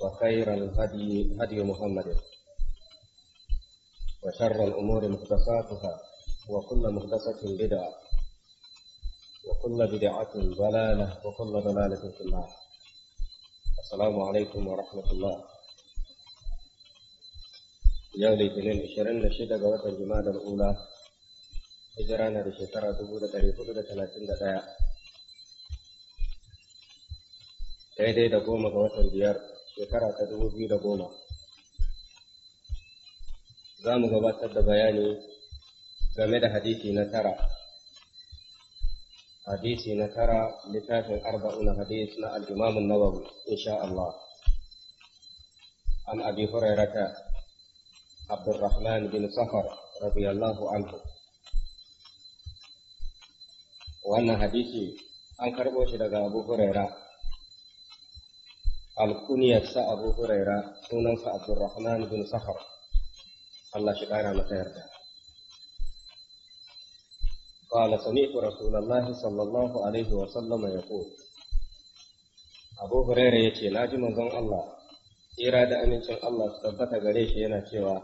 وخير الهدي هدي محمد وشر الأمور مختصاتها وكل مختصة بدعة وكل بدعة ضلالة وكل ضلالة في النار السلام عليكم ورحمة الله يوم الاثنين عشرين لشدة جوات الجماد الأولى hijira na دبودة shekara dubu da ɗari hudu da talatin da daidai da goma ga watan biyar shekara ta dubu biyu da goma za mu gabatar da bayani game da hadisi na tara hadisi na tara littafin arba'un hadis na al-imam nawawi insha Allah an abi hurairata abdurrahman bin safar radiyallahu anhu wannan hadisi an karɓo shi daga abu huraira alkuniyarsa abu huraira sunansa abdurrahman bin safar Allah shi ƙara masa yarda قال سمعت رسول الله صلى الله عليه وسلم يقول أبو هريرة يتي ناجي منزon الله إرادة أمينة الله ستبت غريش ينا cewa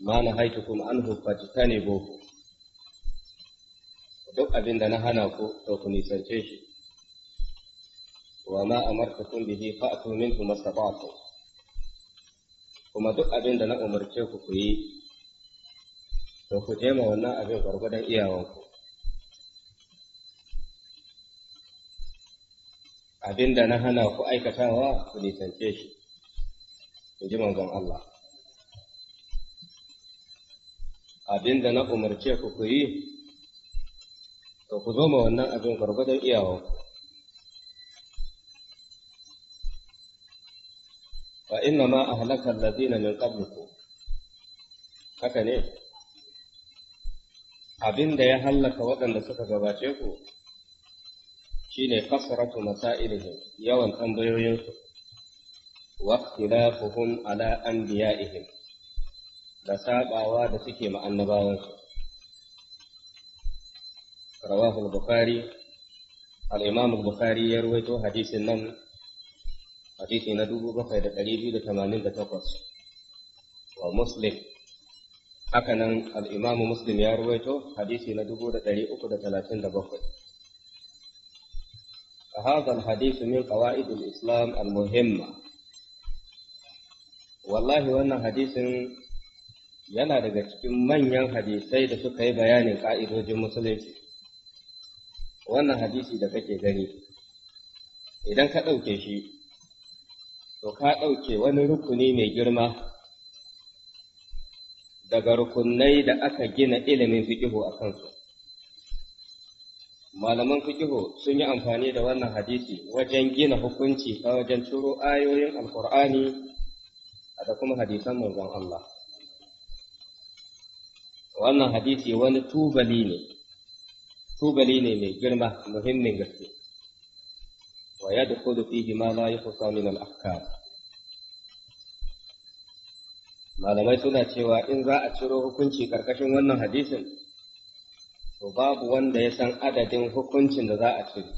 ما نهيتكم عنه فاجتنبوه duk abin da na hana ku to ku nisance shi وما أمرتكم به فأتوا منه ما استطعتم kuma duk abin da na umarce ku ku yi to ku je ma wannan abin gwargwadon iyawanku abin da na hana ku aikatawa ku nisance shi in ji manzon Allah abin da na umarce ku ku yi to ku zo ma wannan abin gwargwadon iyawanku fa inna ma ahlaka alladhina min qablikum haka ne abin da ya hallaka waɗanda suka gabace ku shine kasratu masailihim yawan tambayoyinsu wa ikhtilafuhum ala anbiya'ihim da sabawa da suke ma annabawansu rawahu al-bukhari al-imam al-bukhari ya rawaito hadisin nan hadisi na dubu bakwai da ɗari biyu da tamanin da takwas wa muslim hakanan al'imamu muslim ya ruwaito hadisi na dubu da ɗari uku da talatin da bakwai هذا الحديث من قواعد الإسلام المهمة والله wannan hadisin yana daga cikin manyan hadisai da suka yi bayanin ƙa'idojin musulunci wannan hadisi da kake gani idan ka ɗauke shi to ka ɗauke wani rukuni mai girma daga rukunai da aka gina ilimin fiƙihu a kansu. Malaman fiƙihu sun yi amfani da wannan hadisi wajen gina hukunci ta wajen turo ayoyin alkur'ani da kuma hadisan manzon Allah. Wannan hadisi wani tubali ne, tubali ne mai girma muhimmin gaske. ويدخل فيه ما لا يحصى من الأحكام malamai suna cewa in za a ciro hukunci ƙarƙashin wannan hadisin to babu wanda ya san adadin hukuncin da za a ciro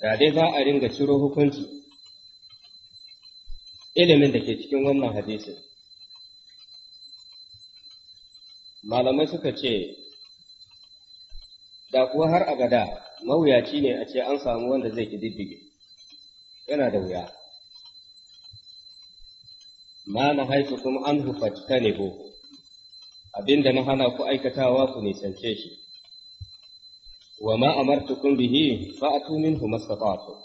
da dai za a ringa ciro hukunci ilimin da ke cikin wannan hadisin malamai suka ce da kuwa har a gada mawuyaci ne a ce an samu wanda zai ƙididdige yana da wuya ma na haifu kuma an hufata ne boko abinda na hana ku aikatawa ku nisance shi wa ma amartukum bihi fa'atu minhu mastata'tum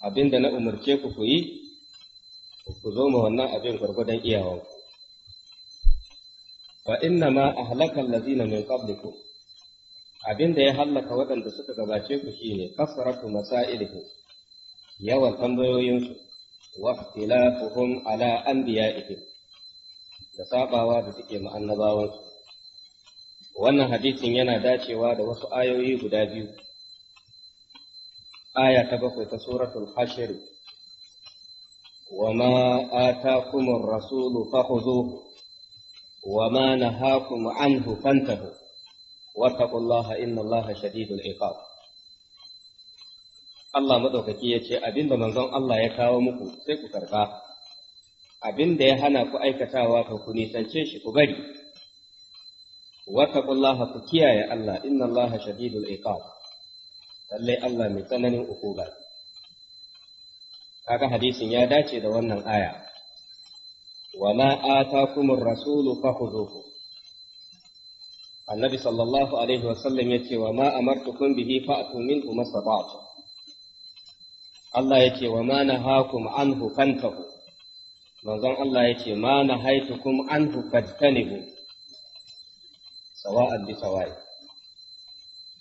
abinda na umarce ku ku yi ku zo ma wannan abin gwargwadon iyawanku fa inna ma ahlaka lazina min qablikum abin da ya hallaka waɗanda suka gabace ku shine kasaratu masa'ilihu yawan tambayoyinsu wa ikhtilafuhum ala anbiya'ihim da sabawa da suke ma annabawansu wannan hadisin yana dacewa da wasu ayoyi guda biyu aya ta bakwai ta suratul hashir وما rasulu الرسول wa ma nahakum anhu فانتهوا واتقوا الله إن الله شديد العقاب Allah maɗaukaki ya ce abin da manzon Allah ya kawo muku sai ku karɓa, Abinda ya hana ku aikatawa ka ku nisance shi ku bari, wataƙullaha ku kiyaye Allah inna Allah shadidul iqab lallai Allah mai tsananin ukuba. Kaga hadisin ya dace da wannan aya, wama atakumur rasulu fakhuduhu annabi sallallahu alaihi wasallam ya ce wa ma amartukum bihi fa fa'tu minhu mastata'tu Allah ya ce wa ma nahakum anhu fantahu manzon Allah ya ce ma na nahaitukum anhu fattanibu sawa'an bi sawa'i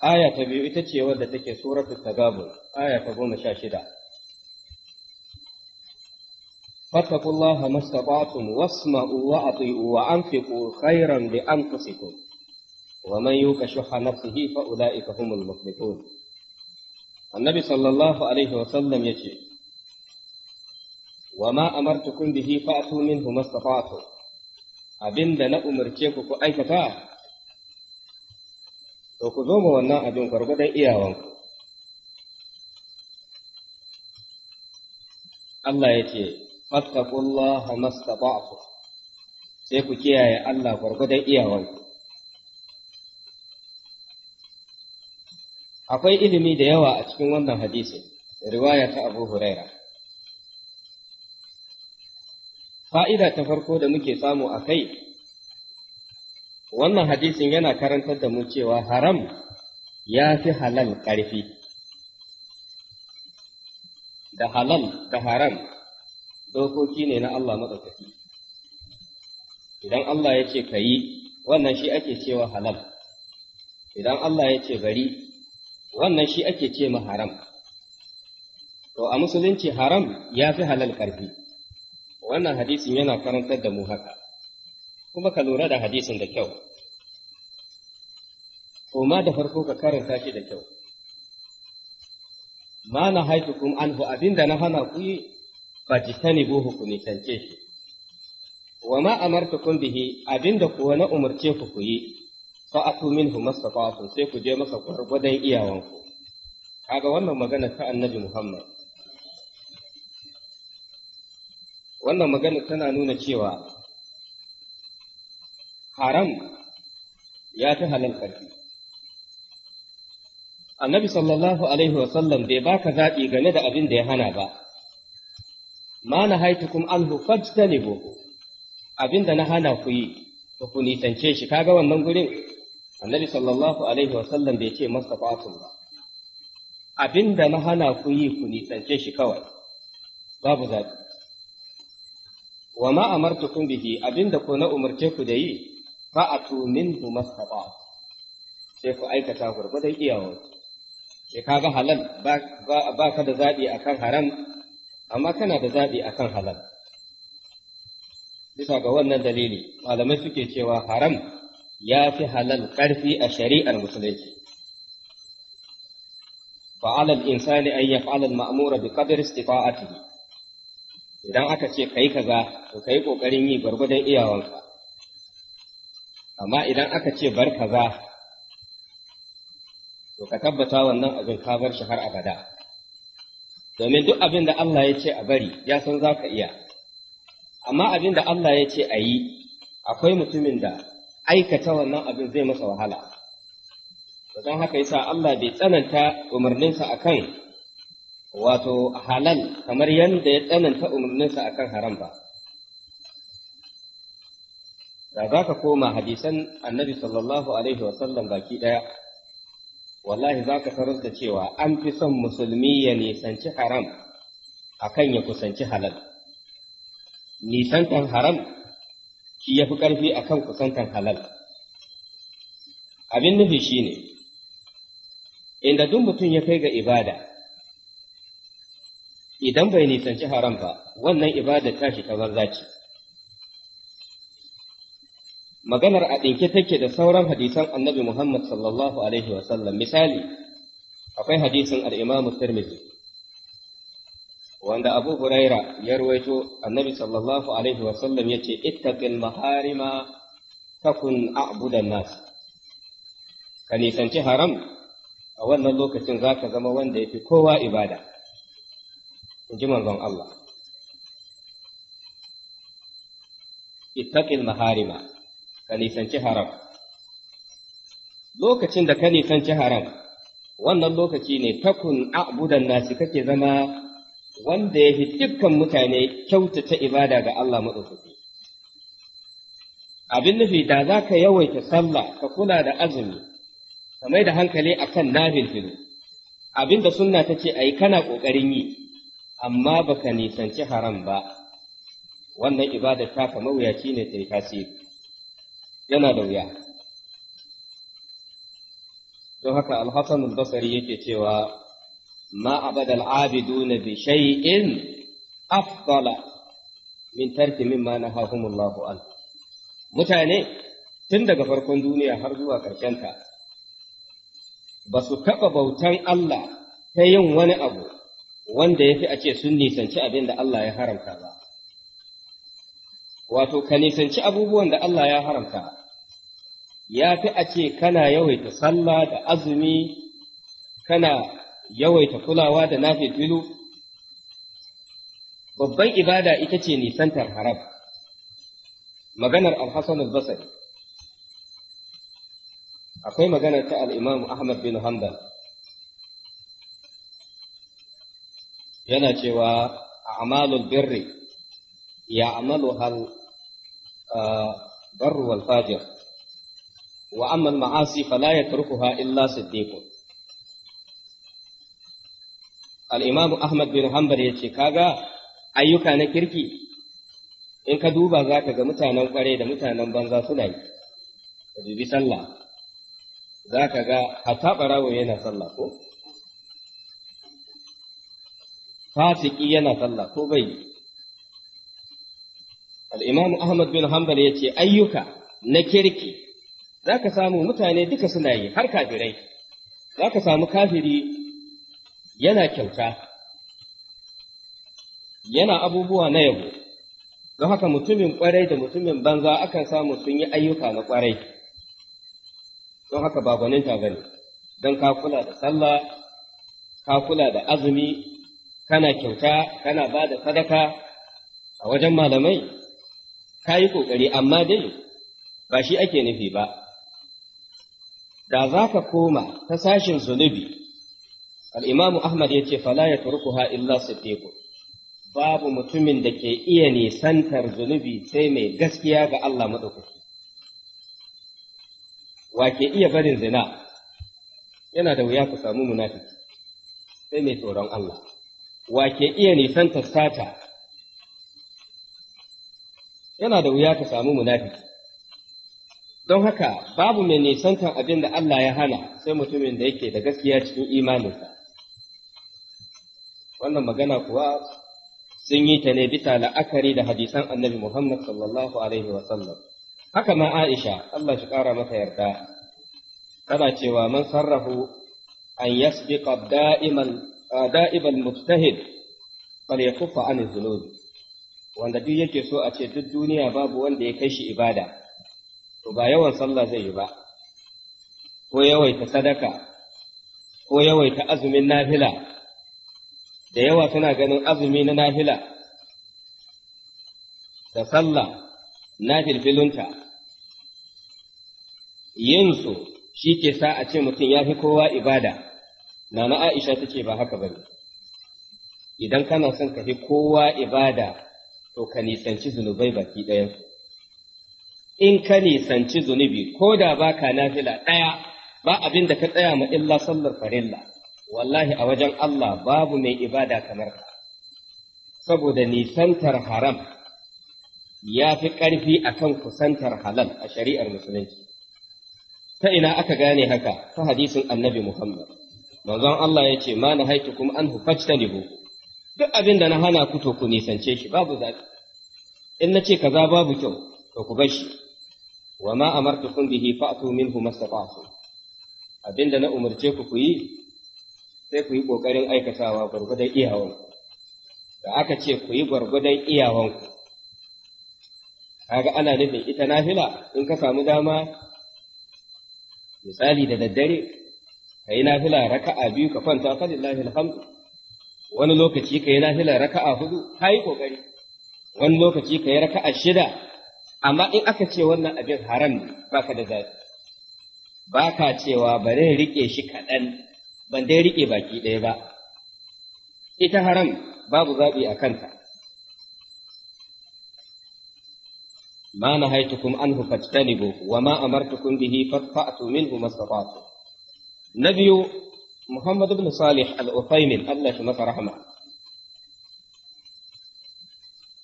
aya ta biyu ita ce wadda take suratul tagabun aya ta goma sha shida فاتقوا الله ما استطعتم واسمعوا واطيعوا وانفقوا خيرا لانفسكم ومن يوق شح نفسه فأولئك هم المفلحون النبي صلى الله عليه وسلم يجي وما أمرتكم به فأتوا منه ما استطعتم أبن لنا أمرتكم أي فتاة to ku zo ma wannan abin iyawanku. Allah ya ce, Fattakullah mastata'tu sai ku kiyaye Allah gwargwadon iyawanku. akwai ilimi da yawa a cikin wannan hadisi riwaya ta abu huraira fa'ida ta farko da muke samu a kai wannan hadisin yana karantar da mu cewa haram ya fi halal ƙarfi da halal da haram dokoki ne na Allah maɗaukaki idan Allah ya ce ka wannan shi ake cewa halal idan Allah ya ce bari wannan shi ake ce ma haram to a musulunci haram ya fi halal ƙarfi wannan hadisin yana karantar da mu haka kuma ka lura da hadisin da kyau ma da farko ka karanta shi da kyau ma na haitukum anhu abinda na hana ku yi ba buhu ku nisance shi wa ma amartukum bihi abinda kuwa na umarce ku ku yi fa'atu minhu mastata'tum sai ku je masa gwargwadon iyawanku kaga wannan magana ta annabi Muhammad wannan magana tana nuna cewa haram ya fi halal ƙarfi annabi sallallahu alaihi wasallam bai baka zaɓi game da abin da ya hana ba ma na haitukum anhu fajtanibu abin da na hana ku yi ku nisance shi kaga wannan gurin annabi sallallahu alaihi wasallam bai ce mastafatun ba abinda na hana ku yi ku nisance shi kawai babu zaɓi wa ma amartukum bihi abinda ku na umarce ku da yi fa atu minhu mastaba sai ku aikata gurgudan iyawo sai kaga halal ba ka da zaɓi akan haram amma kana da zaɓi akan halal bisa ga wannan dalili malamai suke cewa haram ya fi halal ƙarfi a shari'ar musulunci fa'ala al-insani an yaf'ala al-ma'mura bi qadri istita'atihi idan aka ce ka yi kaza to kai kokarin yi gwargwadon iyawanka amma idan aka ce bar kaza to ka tabbata wannan abin ka bar shi har abada domin duk abin da Allah ya ce a bari ya san za ka iya amma abin da Allah ya ce a yi akwai mutumin da aikata wannan abin zai masa wahala don haka yasa Allah bai tsananta umarninsa akan wato halal kamar yadda ya tsananta umarninsa akan haram ba da za ka koma hadisan annabi sallallahu alaihi wasallam baki ɗaya wallahi za ka tarar da cewa an fi son musulmi ya nisanci haram akan ya kusanci halal nisantan haram shi ya fi ƙarfi a kan kusantan halal abin nufi shi ne inda duk mutum ya kai ga ibada idan bai nisanci haram ba wannan ibada shi ta banza ce maganar a ɗinke take da sauran hadisan annabi muhammad sallallahu alaihi wasallam misali akwai hadisin al'imamu tirmidhi wanda Abu Huraira ya ruwaito Annabi sallallahu alaihi wa sallam yace ittaqil maharima takun a'budan nas ka nisanci haram a wannan lokacin za zaka zama wanda ya fi kowa ibada inji manzon Allah ittaqil maharima ka nisanci haram lokacin da ka nisanci haram wannan lokaci ne takun a'budan nasi kake zama wanda ya fi dukkan mutane kyautata ibada ga Allah maɗaukaki. Abin nufi da za ka yawaita sallah ka kula da azumi, ka mai da hankali a kan nafilfilu, abin da sunna ta ce a yi kana ƙoƙarin yi, amma ba ka nisanci haram ba, wannan ibada ta ka mawuyaci ne ta yi tasiri, yana da wuya. Don haka Alhassan basari yake cewa ما عبد العابدون بشيء أفضل من ترك مما نهاهم الله عنه mutane tun daga farkon duniya har zuwa karshenta ba su taɓa bautan Allah ta yin wani abu wanda ya fi a ce sun nisanci abin da Allah ya haramta ba wato ka nisanci abubuwan da Allah ya haramta ya fi a ce kana yawaita sallah da azumi kana yawaita kulawa da filu. babban ibada ita ce nisantar haram maganar al-hasan al akwai maganar ta al-imam ahmad bin hanbal yana cewa a'malul birri ya'maluha al-barru wal fajir wa amma maasi fala yatrukuha illa siddiqun al'imamu Ahmad bin Hanbal ya ce, kaga ayyuka na kirki, in ka duba za ka ga mutanen kware da mutanen banza suna yi, ka dubi sallah, za ka ga hatta ɓarawo yana sallah ko? Fasiki yana sallah ko bai yi. Al'imamu Ahmad bin Hanbal ya ce, ayyuka na kirki, za ka samu mutane duka suna yi har kafirai, za ka samu kafiri yana kyauta yana abubuwa na yabo don haka mutumin ƙwarai da mutumin banza akan samu sun yi ayyuka na kwarai don haka ba gwaninta ba ne don ka kula da sallah ka kula da azumi kana kyauta kana ba da sadaka a wajen malamai ka yi ƙoƙari amma dai ba shi ake nufi ba da za ka koma ta sashin zunubi al-imam ahmad فلا fala yatrukuha illa باب babu mutumin da ke iya nisantar zunubi sai mai gaskiya ga Allah madaukaki wa ke iya barin zina yana da wuya ku samu munafiki sai mai tsoron Allah wa ke iya nisantar sata yana da don haka babu mai nisantar abin da Allah ya hana sai mutumin da yake da gaskiya cikin imaninsa wannan magana kuwa sun yi ta ne bisa la'akari da hadisan annabi Muhammad sallallahu alaihi haka ma Aisha Allah shi kara mata yarda tana cewa man sarrahu an yasbiqa da'iman da'iban mujtahid fal yakuffa an dhunub wanda duk yake so a ce duk duniya babu wanda ya kai shi ibada to ba yawan sallah zai yi ba ko yawaita sadaka ko yawaita azumin nafila da yawa suna ganin azumi na nafila da sallah na filfilunta yin shi ke sa a ce mutum ya fi kowa ibada na na aisha ta ce ba haka ba ne idan kana son ka fi kowa ibada to ka nisanci zunubai baki ɗaya in ka nisanci zunubi ko da ba ka nafila ɗaya ba abin da ka tsaya ma illa sallar farilla wallahi a wajen Allah babu mai ibada kamar ka saboda nisantar haram ya fi ƙarfi akan kusantar halal a shari'ar musulunci ta ina aka gane haka ta hadisin annabi Muhammad manzon Allah ya ce ma an anhu fajtanibu duk abin da na hana ku to ku nisance shi babu zaɓi in na ce kaza babu kyau to ku bar shi wa ma amartukum bihi fa'tu minhu mastata'tum abinda na umarce ku ku yi sai ku yi ƙoƙarin aikatawa gwargwadon iyawanku. Da aka ce ku yi gwargwadon iyawanku. Kaga ana nufin ita nafila in ka samu dama misali da daddare ka yi nafila raka'a biyu ka kwanta kan lillahi alhamdu wani lokaci ka yi nafila raka'a hudu ka yi ƙoƙari. wani lokaci ka yi raka'a shida amma in aka ce wannan abin haram ne baka da zafi baka cewa bari rike shi kaɗan ban dai riƙe baki ɗaya ba ita haram babu zaɓi a kanta ما نهيتكم عنه فاجتنبوه وما أمرتكم به فاتفأتوا منه ما استطعتم نبي محمد بن صالح الأثيمين الله شمس رحمه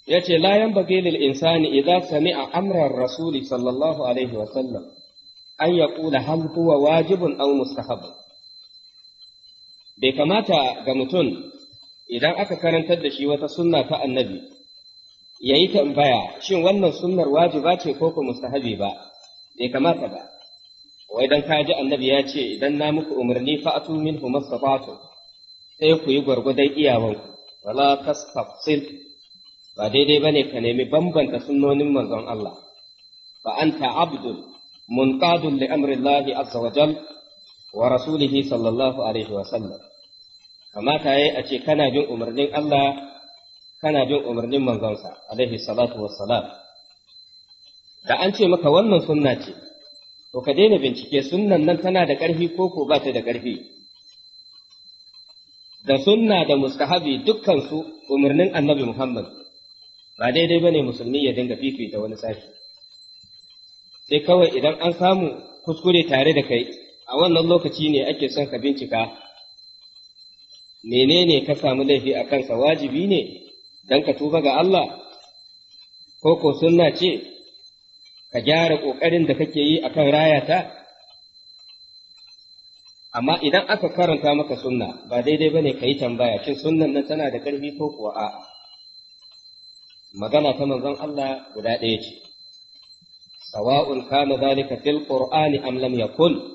يأتي لا ينبغي للإنسان إذا سمع أمر الرسول صلى الله عليه وسلم أن يقول هل هو واجب أو مستحب bai kamata ga mutum idan aka karantar da shi wata sunna ta annabi ya yi tambaya shin wannan sunnar wajiba ce ko ko mustahabi ba bai kamata ba wai dan ka ji annabi ya ce idan na muku umarni fa'atu minhu mastata'tu sai ku yi gwargwadon iyawanku wala tastafsil ba daidai bane ka nemi bambanta sunnonin manzon Allah fa anta abdul munqadun li amri Allah azza wa wa rasulihi sallallahu alaihi wa sallam kamata yi a ce kana bin umarnin Allah kana bin umarnin manzonsa alaihi salatu salam da an ce maka wannan sunna ce to ka daina bincike sunnan nan tana da ƙarfi ko ko ba ta da ƙarfi da sunna da mustahabi dukkansu umarnin annabi Muhammad ba daidai ba ne musulmi ya dinga fifita wani sashi sai kawai idan an samu kuskure tare da kai a wannan lokaci ne ake son ka bincika menene ka samu laifi a kansa wajibi ne don ka tuba ga Allah ko ko sunna ce ka gyara ƙoƙarin da kake yi a kan rayata amma idan aka karanta maka sunna ba daidai ba ne ka yi tambaya cin sunnan nan tana da ƙarfi ko kuwa a'a magana ta manzon Allah guda ɗaya ce sawa'un kana zalika fil qur'ani am lam yakun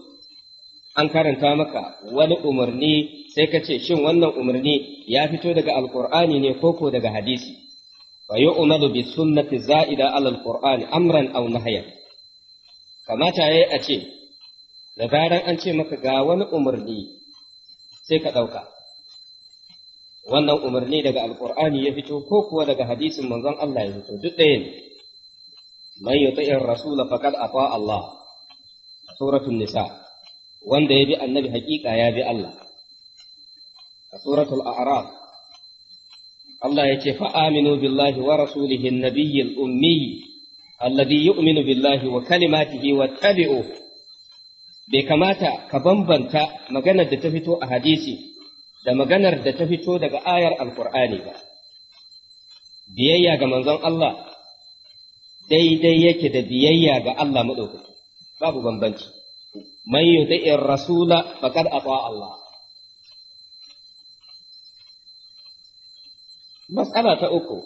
an karanta maka wani umarni sai ka ce shin wannan umarni ya fito daga alkur'ani ne ko ko daga hadisi fa yu'malu bi sunnati za'ida ala alqur'ani amran aw nahyan kamata yayi a ce da zaran an ce maka ga wani umarni sai ka ɗauka wannan umarni daga alkur'ani ya fito ko kuwa daga hadisin manzon Allah ya fito duk ɗaya man yuti'ir rasula faqad ata Allah suratul nisa' wanda ya bi annabi haƙiƙa ya bi Allah a suratul a'raf Allah ya ce fa'aminu billahi wa rasulihi an-nabiyyil ummi alladhi yu'minu billahi wa kalimatihi wa tabi'u bai kamata ka bambanta maganar da ta fito a hadisi da maganar da ta fito daga ayar alkur'ani ba biyayya ga manzon Allah daidai yake da biyayya ga Allah maɗaukaki babu bambanci man yuti'ir rasula faqad ata Allah Matsala ta uku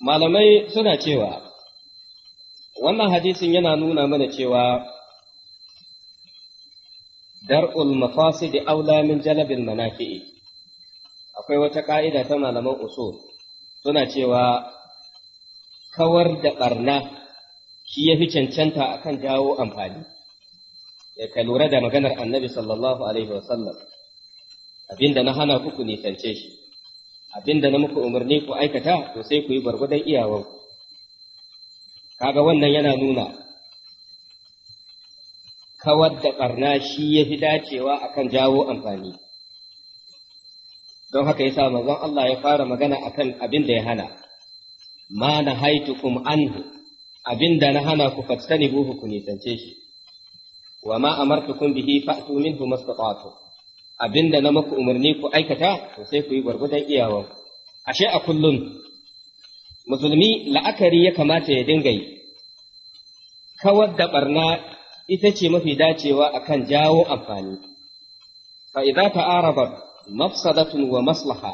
malamai suna cewa wannan hadisin yana nuna mana cewa dar'ul mafasidi aula min jalabil manafi'i akwai wata ka'ida ta malaman usul suna cewa kawar da barna shi ya fi cancanta a kan jawo amfani ya eh, ka lura da maganar annabi sallallahu alaihi wasallam abinda na hana kuku ne nisance shi abinda na muku umarni ku aikata to sai ku yi gwargwadon iyawar kaga wannan yana nuna kawar da ƙarna shi ya fi dacewa akan jawo amfani don haka yasa manzon Allah ya fara magana akan abin da ya hana ma na haitukum anhu Abin da na hana ku fattani buhu ku nisance shi wa ma kun bihi fa'tu minhu mastata'tu abinda na maku umarni ku aikata to sai ku yi gwargwadon iyawan ashe a kullum musulmi la'akari ya kamata ya dinga yi kawar da barna ita ce mafi dacewa akan jawo amfani fa idza ta'arabat mafsadatun wa maslaha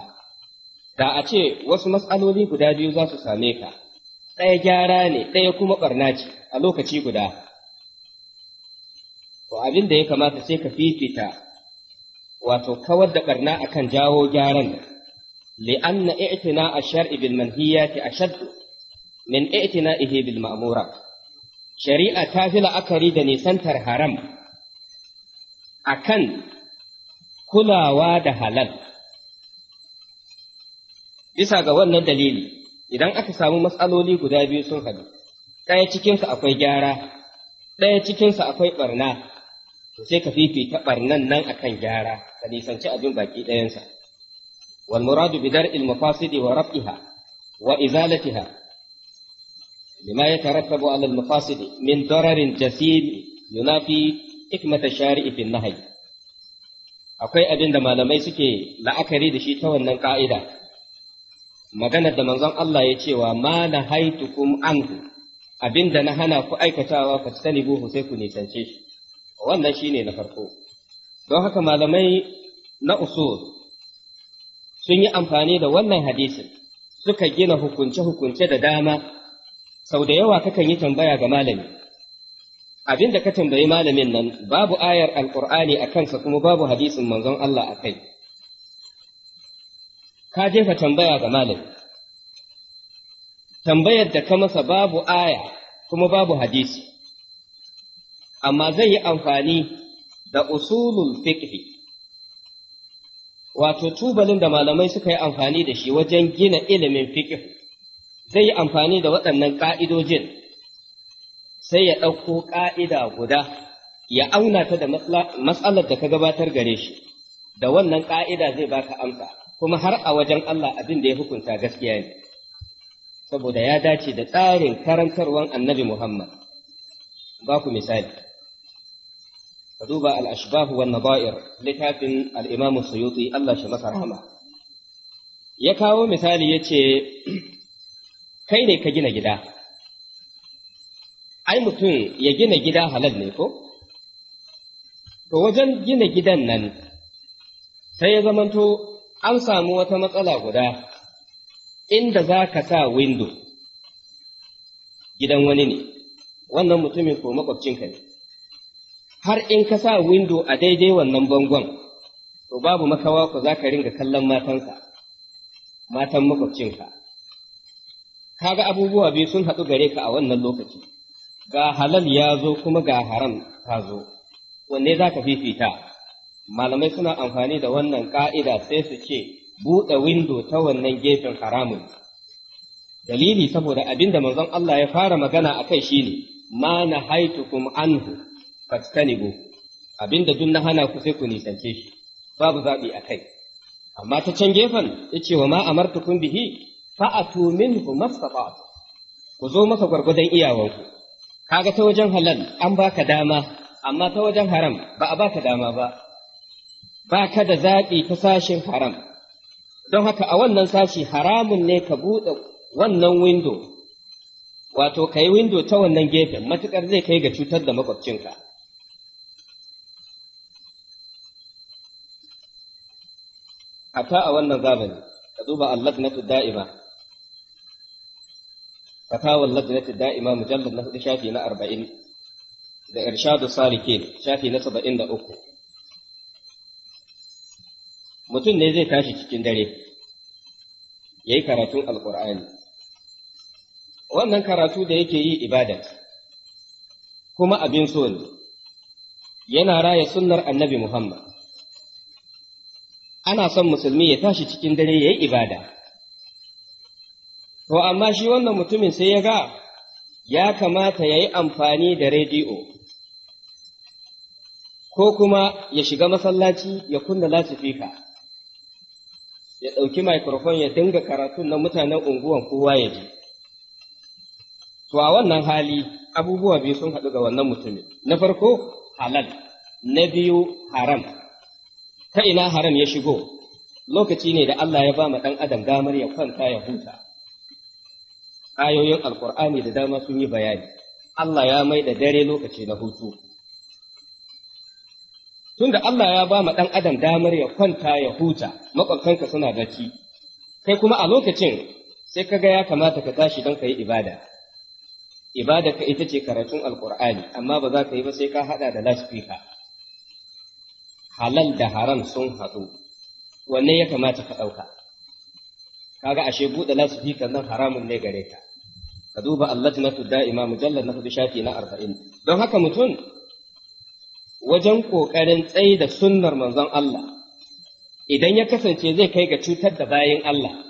da a ce wasu matsaloli guda biyu za su same ka ɗaya gyara ne ɗaya kuma ɓarna ce a lokaci guda to abin da ya kamata sai ka fifita wato kawar da ɓarna akan jawo gyaran li'anna i'tina a shari bil manhiyati ashaddu min i'tina'ihi bil ma'murat shari'a ta fi la'akari da nisantar haram akan kulawa da halal bisa ga wannan dalili idan aka samu matsaloli guda biyu sun haɗu ɗaya cikinsu akwai gyara ɗaya cikinsa akwai ɓarna to sai ka fifita ɓarnan nan akan gyara ka nisanci abin baki ɗayansa wal muradu bi dar'il mafasidi wa raf'iha wa izalatiha lima yatarattabu ala al min dararin jasiri yunafi hikmata shari'i fi nahyi akwai abin da malamai suke la'akari da shi ta wannan ka'ida maganar da manzon Allah ya cewa ma na haitukum anhu abinda na hana ku aikatawa fa buhu sai ku nisance shi wannan shine na farko don haka malamai na usul sun yi amfani da wannan hadisin suka gina hukunce-hukunce da dama sau da yawa kakan yi tambaya ga malami abin da ka tambayi malamin nan babu ayar alkur'ani a kansa kuma babu hadisin manzon Allah a kai ka jefa tambaya ga malami tambayar da ka masa babu aya kuma babu hadisi amma zai yi amfani da usulul fiqh wato tubalin da malamai suka yi amfani da shi wajen gina ilimin fiqh zai yi amfani da waɗannan ƙa'idojin sai ya ɗauko ƙa'ida guda ya auna ta da matsalar da ka gabatar gare shi da wannan ƙa'ida zai baka amsa kuma har a wajen Allah abin da ya hukunta gaskiya ne saboda ya dace da tsarin karantarwan annabi Muhammad ba ku misali ka duba al-ashbah wa nadair littafin al-imam suyuti Allah shi masa rahama ya kawo misali yace kai ne ka gina gida ai mutum ya gina gida halal ne ko to wajen gina gidan nan sai ya zamanto an samu wata matsala guda inda za ka sa windo gidan wani ne wannan mutumin ko makwabcinka ne har in ka sa windo a daidai wannan bangon to babu makawa ku za ka ringa kallon matanka, matan makwabcinka kaga abubuwa biyu sun haɗu gare ka a wannan lokaci ga halal ya zo kuma ga haram ta zo wanne za ka fifita malamai suna amfani da wannan ƙa'ida sai su ce buɗe windo ta wannan gefen haramun dalili saboda abin da manzon Allah ya fara magana a kai shi ne ma na kuma anhu fastanibu abin da duk na hana ku sai ku nisance shi babu zaɓi a kai amma ta can gefen ya ce wa ma kun bihi fa'atu minhu mastata'tu ku zo masa gwargwadon iyawanku kaga ta wajen halal an baka dama amma ta wajen haram ba a baka dama ba ba ka da zaɓi ta sashin haram don haka a wannan sashi haramun ne ka buɗe wannan windo wato ka yi windo ta wannan gefen matuƙar zai kai ga cutar da makwabcinka Hata a wannan zamani ka duba Allah na da'ima fatawar lajnatu da'ima mujallar na hudu shafi na arba'in da irshadu salikin shafi na saba'in da uku mutum ne zai tashi cikin dare ya yi karatun alƙur'ani wannan karatu da yake yi ibada kuma abin so ne yana raya sunnar annabi muhammad ana son musulmi ya tashi cikin dare ya yi ibada to amma shi wannan mutumin sai ya ga ya kamata ya yi amfani da rediyo ko kuma ya shiga masallaci ya kunna lasifika. ya ɗauki microphone ya dinga karatun na mutanen unguwan kowa ya ji. To a wannan hali abubuwa biyu sun haɗu ga wannan mutumin. Na farko halal, na biyu haram. Ta ina haram ya shigo, lokaci ne da Allah ya ba ma ɗan adam damar ya kwanta ya huta. Ayoyin Alƙur'ani da dama sun yi bayani, Allah ya mai da dare lokaci na hutu. tunda Allah ya ba ma ɗan adam damar ya kwanta ya huta makwakanka suna bacci kai kuma a lokacin sai ka ga ya kamata ka tashi don ka yi ibada ibada ka ita ce karatun alkur'ani amma ba za ka yi ba sai ka haɗa da lasfika halal da haram sun haɗu wanne ya kamata ka ɗauka kaga ashe buɗe lasfika nan haramun ne gare ka ka duba allatu na tudda mujallar na hudu shafi na arba'in don haka mutum wajen ƙoƙarin tsaye da sunnar manzon Allah idan ya kasance zai kai ga cutar da bayan Allah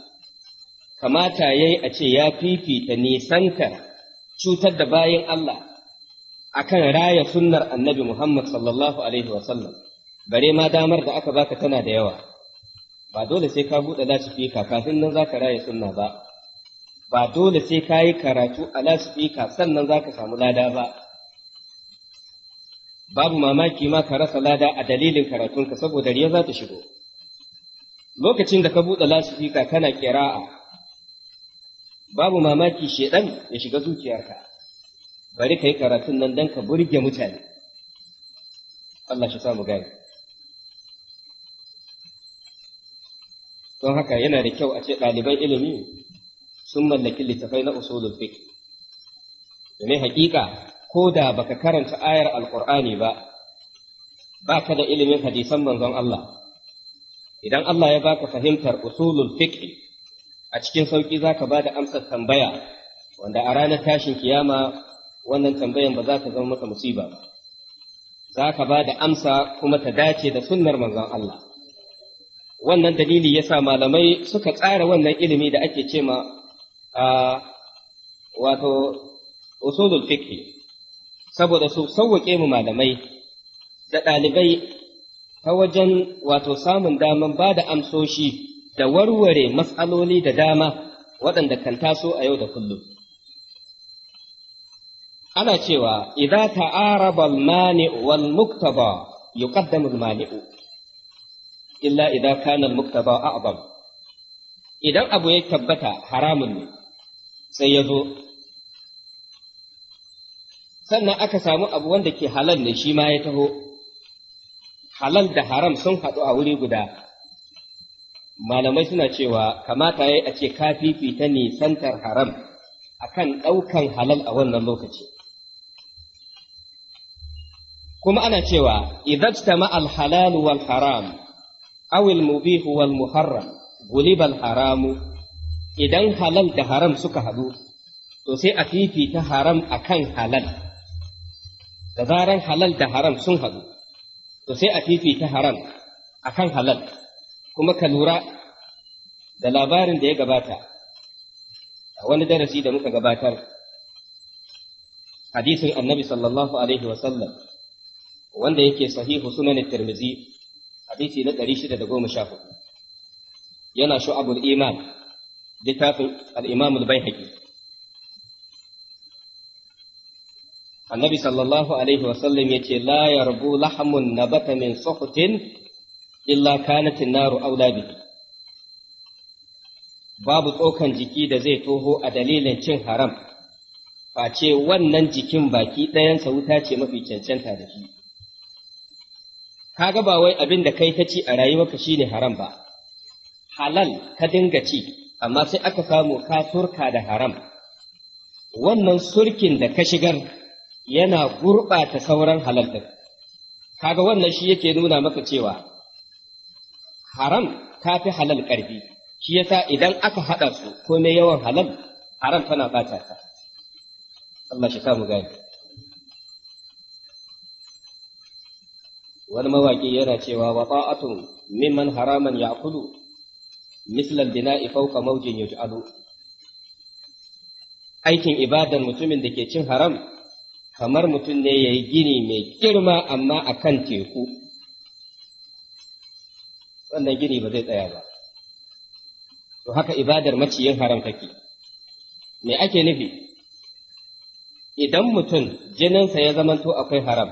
kamata ya yi a ce ya fifita nisantar cutar da bayan Allah akan raya sunnar annabi Muhammad sallallahu alaihi wasallam bare ma damar da aka baka tana da yawa ba dole sai ka buɗe lasifika kafin nan za ka raya sunna ba ba dole sai ka yi karatu a lasifika sannan za ka samu lada ba babu mamaki ma ka rasa lada a dalilin karatunka saboda riya za ta shigo lokacin da ka buɗe lasifika kana ƙira'a babu mamaki shedan ya shiga zuciyarka bari ka yi karatun nan don ka burge mutane Allah shi samu gani don haka yana da kyau a ce ɗaliban ilimi sun mallaki littafai na usulul fiqh domin haƙiƙa ko da baka karanta ayar Alƙur'ani ba baka da ilimin hadisan manzon Allah idan Allah ya baka fahimtar usulul fiqh a cikin sauƙi zaka bada amsar tambaya wanda a ranar tashin kiyama wannan tambayan ba za ta zama maka musiba ba za ka ba da amsa kuma ta dace da sunnar manzon Allah wannan dalili yasa malamai suka tsara wannan ilimi da ake cema wato usulul fiqh saboda su sauwaƙe mu malamai da ɗalibai ta wajen wato samun daman ba da amsoshi da warware matsaloli da dama waɗanda kan taso a yau da kullum. Ana cewa, "Idza ta'araba maniu wal muktaba yuqaddamu maniu illa idan kana muktaba a'zam." Idan abu ya tabbata haramun ne, sai ya zo sannan aka samu abu wanda ke halal ne shi ma ya taho halal da haram sun haɗu a wuri guda malamai suna cewa kamata ya a ce ka fifita nisantar haram akan ɗaukan halal a wannan lokaci kuma ana cewa idajtama al-halal wal haram awil al wal muharram guliba al-haramu idan halal da haram suka haɗu to sai a fifita haram akan halal da zaran halal da haram sun haɗu to sai a fifita haram akan halal kuma ka lura da labarin da ya gabata a wani darasi da muka gabatar hadisin annabi sallallahu alaihi wasallam wanda yake sahihu sunan tirmizi hadisi na 614 yana shu'abul iman littafin al-imam al-baihaqi annabi sallallahu alaihi wasallam ya ce la yarbu lahamun nabata min suhutin illa kanat naru aula babu tsokan jiki da zai toho a dalilin cin haram face wannan jikin baki ɗayansa wuta ce mafi cancanta da shi kaga ba wai abin da kai ta ci a rayuwarka shine haram ba halal ka dinga ci amma sai aka samu kafurka da haram wannan surkin da ka shigar yana gurɓata sauran halal kaga wannan shi yake nuna maka cewa haram ta fi halal ƙarfi shi yasa idan aka haɗa su komai yawan halal haram tana bata ta Allah shi kamu gani wani mawaƙi yana cewa wa ta'atun mimman haraman kudu, mislal bina'i ifauka mawjin yuj'alu aikin ibadan mutumin da ke cin haram kamar mutum ne ya yi gini mai girma amma a kan teku wannan gini ba zai tsaya ba to haka ibadar maciyin haram take me ake nufi idan mutum jininsa ya zamanto akwai haram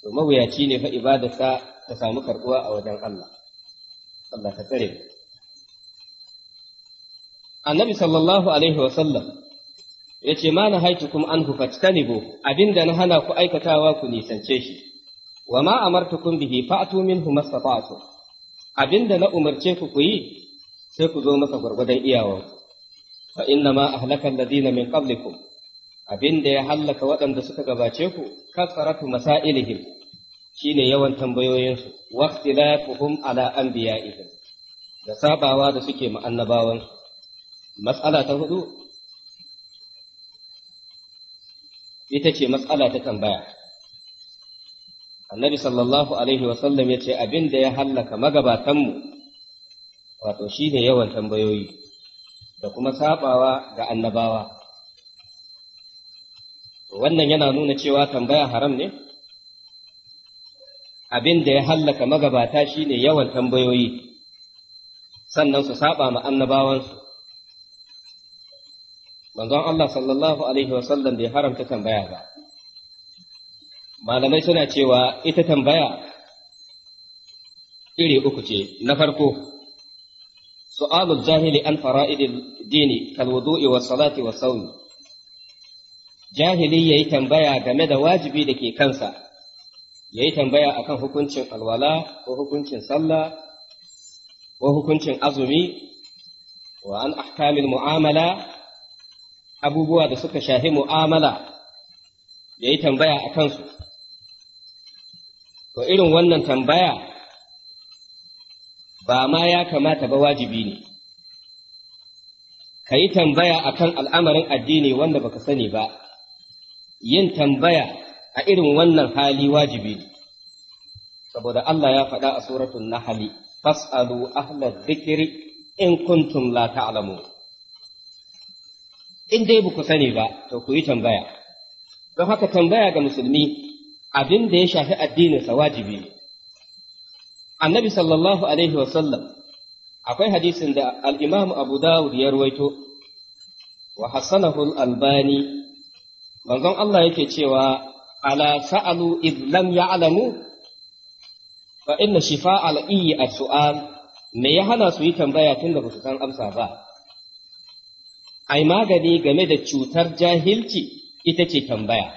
to mawuyaci ne fa ibadarsa ta samu karbuwa a wajen Allah Allah ka tsare annabi sallallahu alaihi wasallam yace ma nahaitukum anhu abin abinda na hana ku aikatawa ku nisance shi wa ma kun bihi fa'tu minhu mastata'tu abinda na umarce ku ku yi sai ku zo masa gwargwadon iyawan fa inna ma ahlaka alladhina min qablikum abinda ya hallaka waɗanda suka gabace ku kasaratu masailihim shine yawan tambayoyinsu wa ikhtilafuhum ala anbiya'ihim da sabawa da suke ma annabawan mas'ala ta hudu ita ce matsala ta tambaya annabi sallallahu alaihi wasallam ya ce abin da ya hallaka magabatanmu wato shi ne yawan tambayoyi da kuma sabawa ga annabawa wannan yana nuna cewa tambaya haram ne abin da ya hallaka magabata shi ne yawan tambayoyi sannan su saba ma annabawansu manzon Allah sallallahu alaihi wasallam bai haramta tambaya ba malamai suna cewa ita tambaya iri uku ce na farko su'alul jahili an fara'idil dini kal wudu'i salati wa sawmi jahili yayi tambaya game da wajibi da ke kansa Ya yi tambaya akan hukuncin alwala ko hukuncin sallah ko hukuncin azumi wa an ahkamil mu'amala abubuwa da suka shafi mu'amala ya yi tambaya a kansu. To irin wannan tambaya ba ma ya kamata ba wajibi ne, ka yi tambaya a kan al'amarin addini wanda baka sani ba, yin tambaya a irin wannan hali wajibi ne, saboda Allah ya faɗa a suratun Nahali, fas'alu ahlar zikiri in kuntum la ta'lamun. in dai ba ku sani ba to ku yi tambaya don haka tambaya ga musulmi abin da ya shafi addininsa wajibi annabi sallallahu alaihi wasallam akwai hadisin da al'imamu abu dawud ya ruwaito wa hassanahu albani manzon Allah yake cewa ala sa'alu id lam ya'lamu fa inna shifa al'iyi a su'al me ya hana su yi tambaya tun da ba su san amsa ba ai magani game da cutar jahilci ita ce tambaya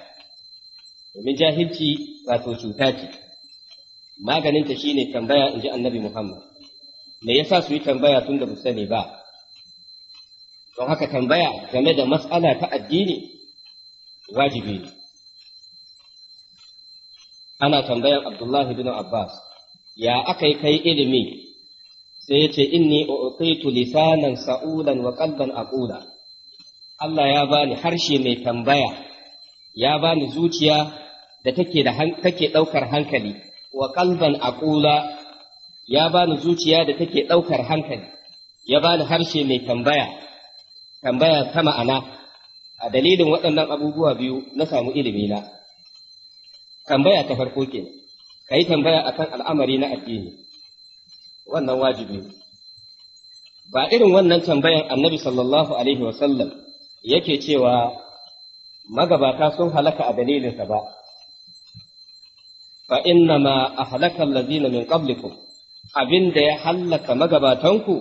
domin jahilci wato cuta ce maganinta ne tambaya in ji annabi Muhammad me yasa su yi tambaya tun da sani ba don haka tambaya game da matsala ta addini wajibi ne ana tambayan abdullah bin Abbas ya aka yi kai ilimi sai ya ce inni uqitu lisanan sa'ulan wa qalban aqula Allah ya bani harshe mai tambaya ya bani zuciya da take da ɗaukar hankali wa qalban aqula ya bani zuciya da take ɗaukar hankali ya bani harshe mai tambaya tambaya ta ma'ana a dalilin waɗannan abubuwa biyu na samu ilimina. tambaya ta farko ke, ka yi tambaya akan al'amari na addini wannan wajibi ba irin wannan tambayan annabi sallallahu alaihi wasallam yake cewa magabata sun halaka a dalilinsa ba fa inna ma ahlaka lazina min qablikum da ya hallaka magabatanku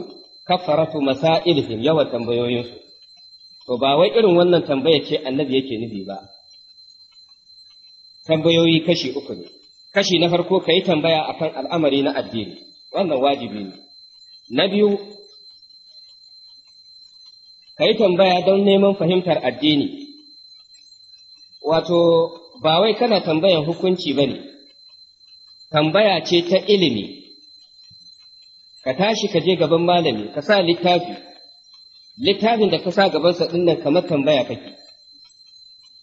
kafaratu masailihim yawan tambayoyinsu to ba wai irin wannan tambaya ce annabi yake nufi ba tambayoyi kashi uku ne kashi na farko ka yi tambaya akan al'amari na addini wannan wajibi ne na biyu ka yi tambaya don neman fahimtar addini wato ba wai kana tambayan hukunci ba ne tambaya ce ta ilimi ka tashi ka je gaban malami ka sa littafi littafin da ka sa gabansa ɗinnan kamar tambaya kake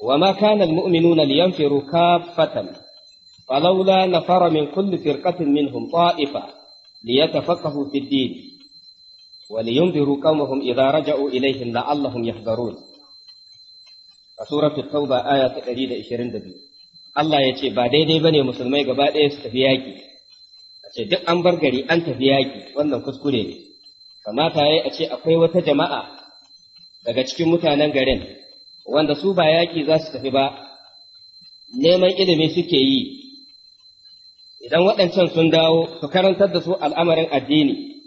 wa ma kana almu'minuna liyanfiru kaffatan falawla nafara min kulli firqatin minhum ta'ifa liyatafaqahu fid dini. ولينذروا قومهم إذا رجعوا إليهم لعلهم يحذرون سورة التوبة آية 122 Allah ya ce ba daidai ba ne musulmai gaba ɗaya su tafi yaƙi a duk an bar gari an tafi yaƙi wannan kuskure ne kamata ya yi a ce akwai wata jama'a daga cikin mutanen garin wanda su ba yaƙi za su tafi ba neman ilimi suke yi idan waɗancan sun dawo su karantar da su al'amarin addini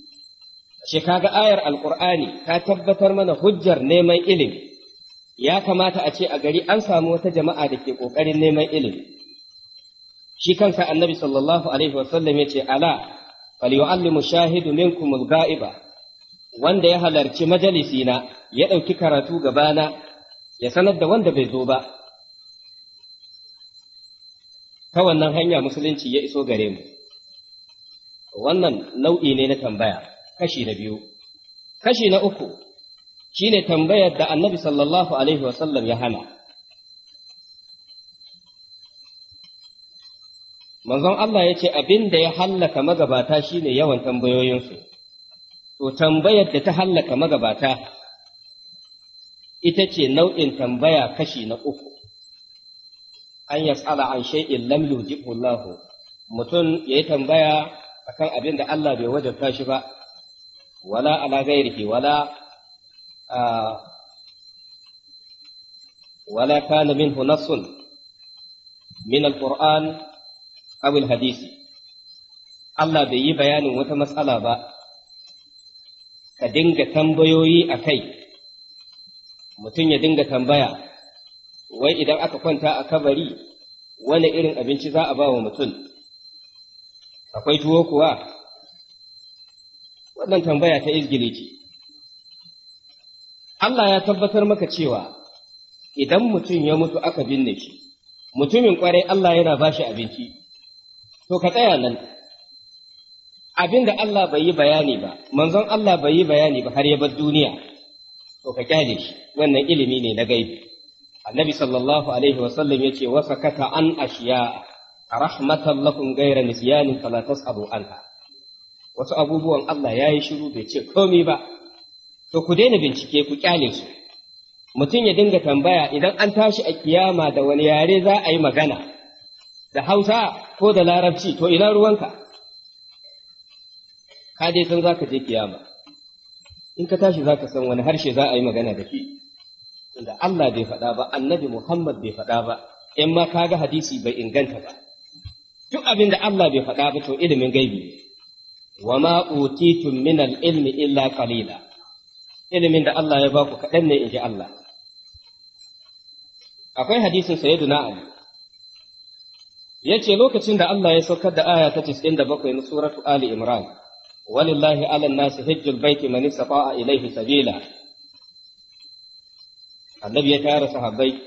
Shi kaga ayar Alƙur'ani ta tabbatar mana hujjar neman ilimi. Ya kamata a ce a gari an samu wata jama'a da ke ƙoƙarin neman ilimi. Shi kansa annabi sallallahu alaihi wasallam ya ce, Ala, falyu'allimu shahidu minkum ga'iba, wanda ya halarci majalisina ya ɗauki karatu gaba na ya sanar da wanda bai zo ba. Ta wannan hanya musulunci ya iso gare mu. Wannan nau'i ne na tambaya. kashi na biyu kashi na uku shine tambayar da annabi sallallahu alaihi wasallam ya hana manzon Allah ya ce abin da ya hallaka magabata shine yawan tambayoyinsu to tambayar da ta hallaka magabata ita ce nau'in tambaya kashi na uku an yas'ala an shay'in lam yujibhu Allah mutum yayi tambaya akan abin da Allah bai wajabta shi ba wala ala ghairihi wala ولا كان منه نص من القرآن أو الحديث Allah bai yi bayanin wata matsala ba, ka dinga tambayoyi a kai, mutum ya dinga tambaya, wai idan aka kwanta a kabari wani irin abinci za a ba wa mutum, akwai tuwo kuwa wannan tambaya ta izgili Allah ya tabbatar maka cewa idan mutum ya mutu aka binne shi mutumin kwarai Allah yana ba shi abinci to ka tsaya nan abin da Allah bai yi bayani ba manzon Allah bai yi bayani ba har ya bar duniya to ka kyale shi wannan ilimi ne na gaibi annabi sallallahu alaihi wasallam ya ce wasa kaka an ashiya rahmatan lakum gaira nisyanin fala tas'alu anha wasu abubuwan Allah ya yi shiru bai ce komai ba to ku daina bincike ku kyale su mutum ya dinga tambaya idan an tashi a kiyama da wani yare za a yi magana da hausa ko da larabci to ina ruwanka ka dai san za ka je kiyama in ka tashi za ka san wani harshe za a yi magana da shi inda Allah bai faɗa ba annabi Muhammad bai faɗa ba in ma ka ga hadisi bai inganta ba duk abin da Allah bai faɗa ba to ilimin gaibi wa ma utitum min al-ilmi illa qalila ilimin da Allah ya ba kaɗan ne in ji Allah akwai hadisin sayyiduna Ali yace lokacin da Allah ya saukar da aya ta 97 na suratu Ali Imran walillahi 'alan nasi hajjul baiti man istata'a ilayhi sabila annabi ya tara sahabbai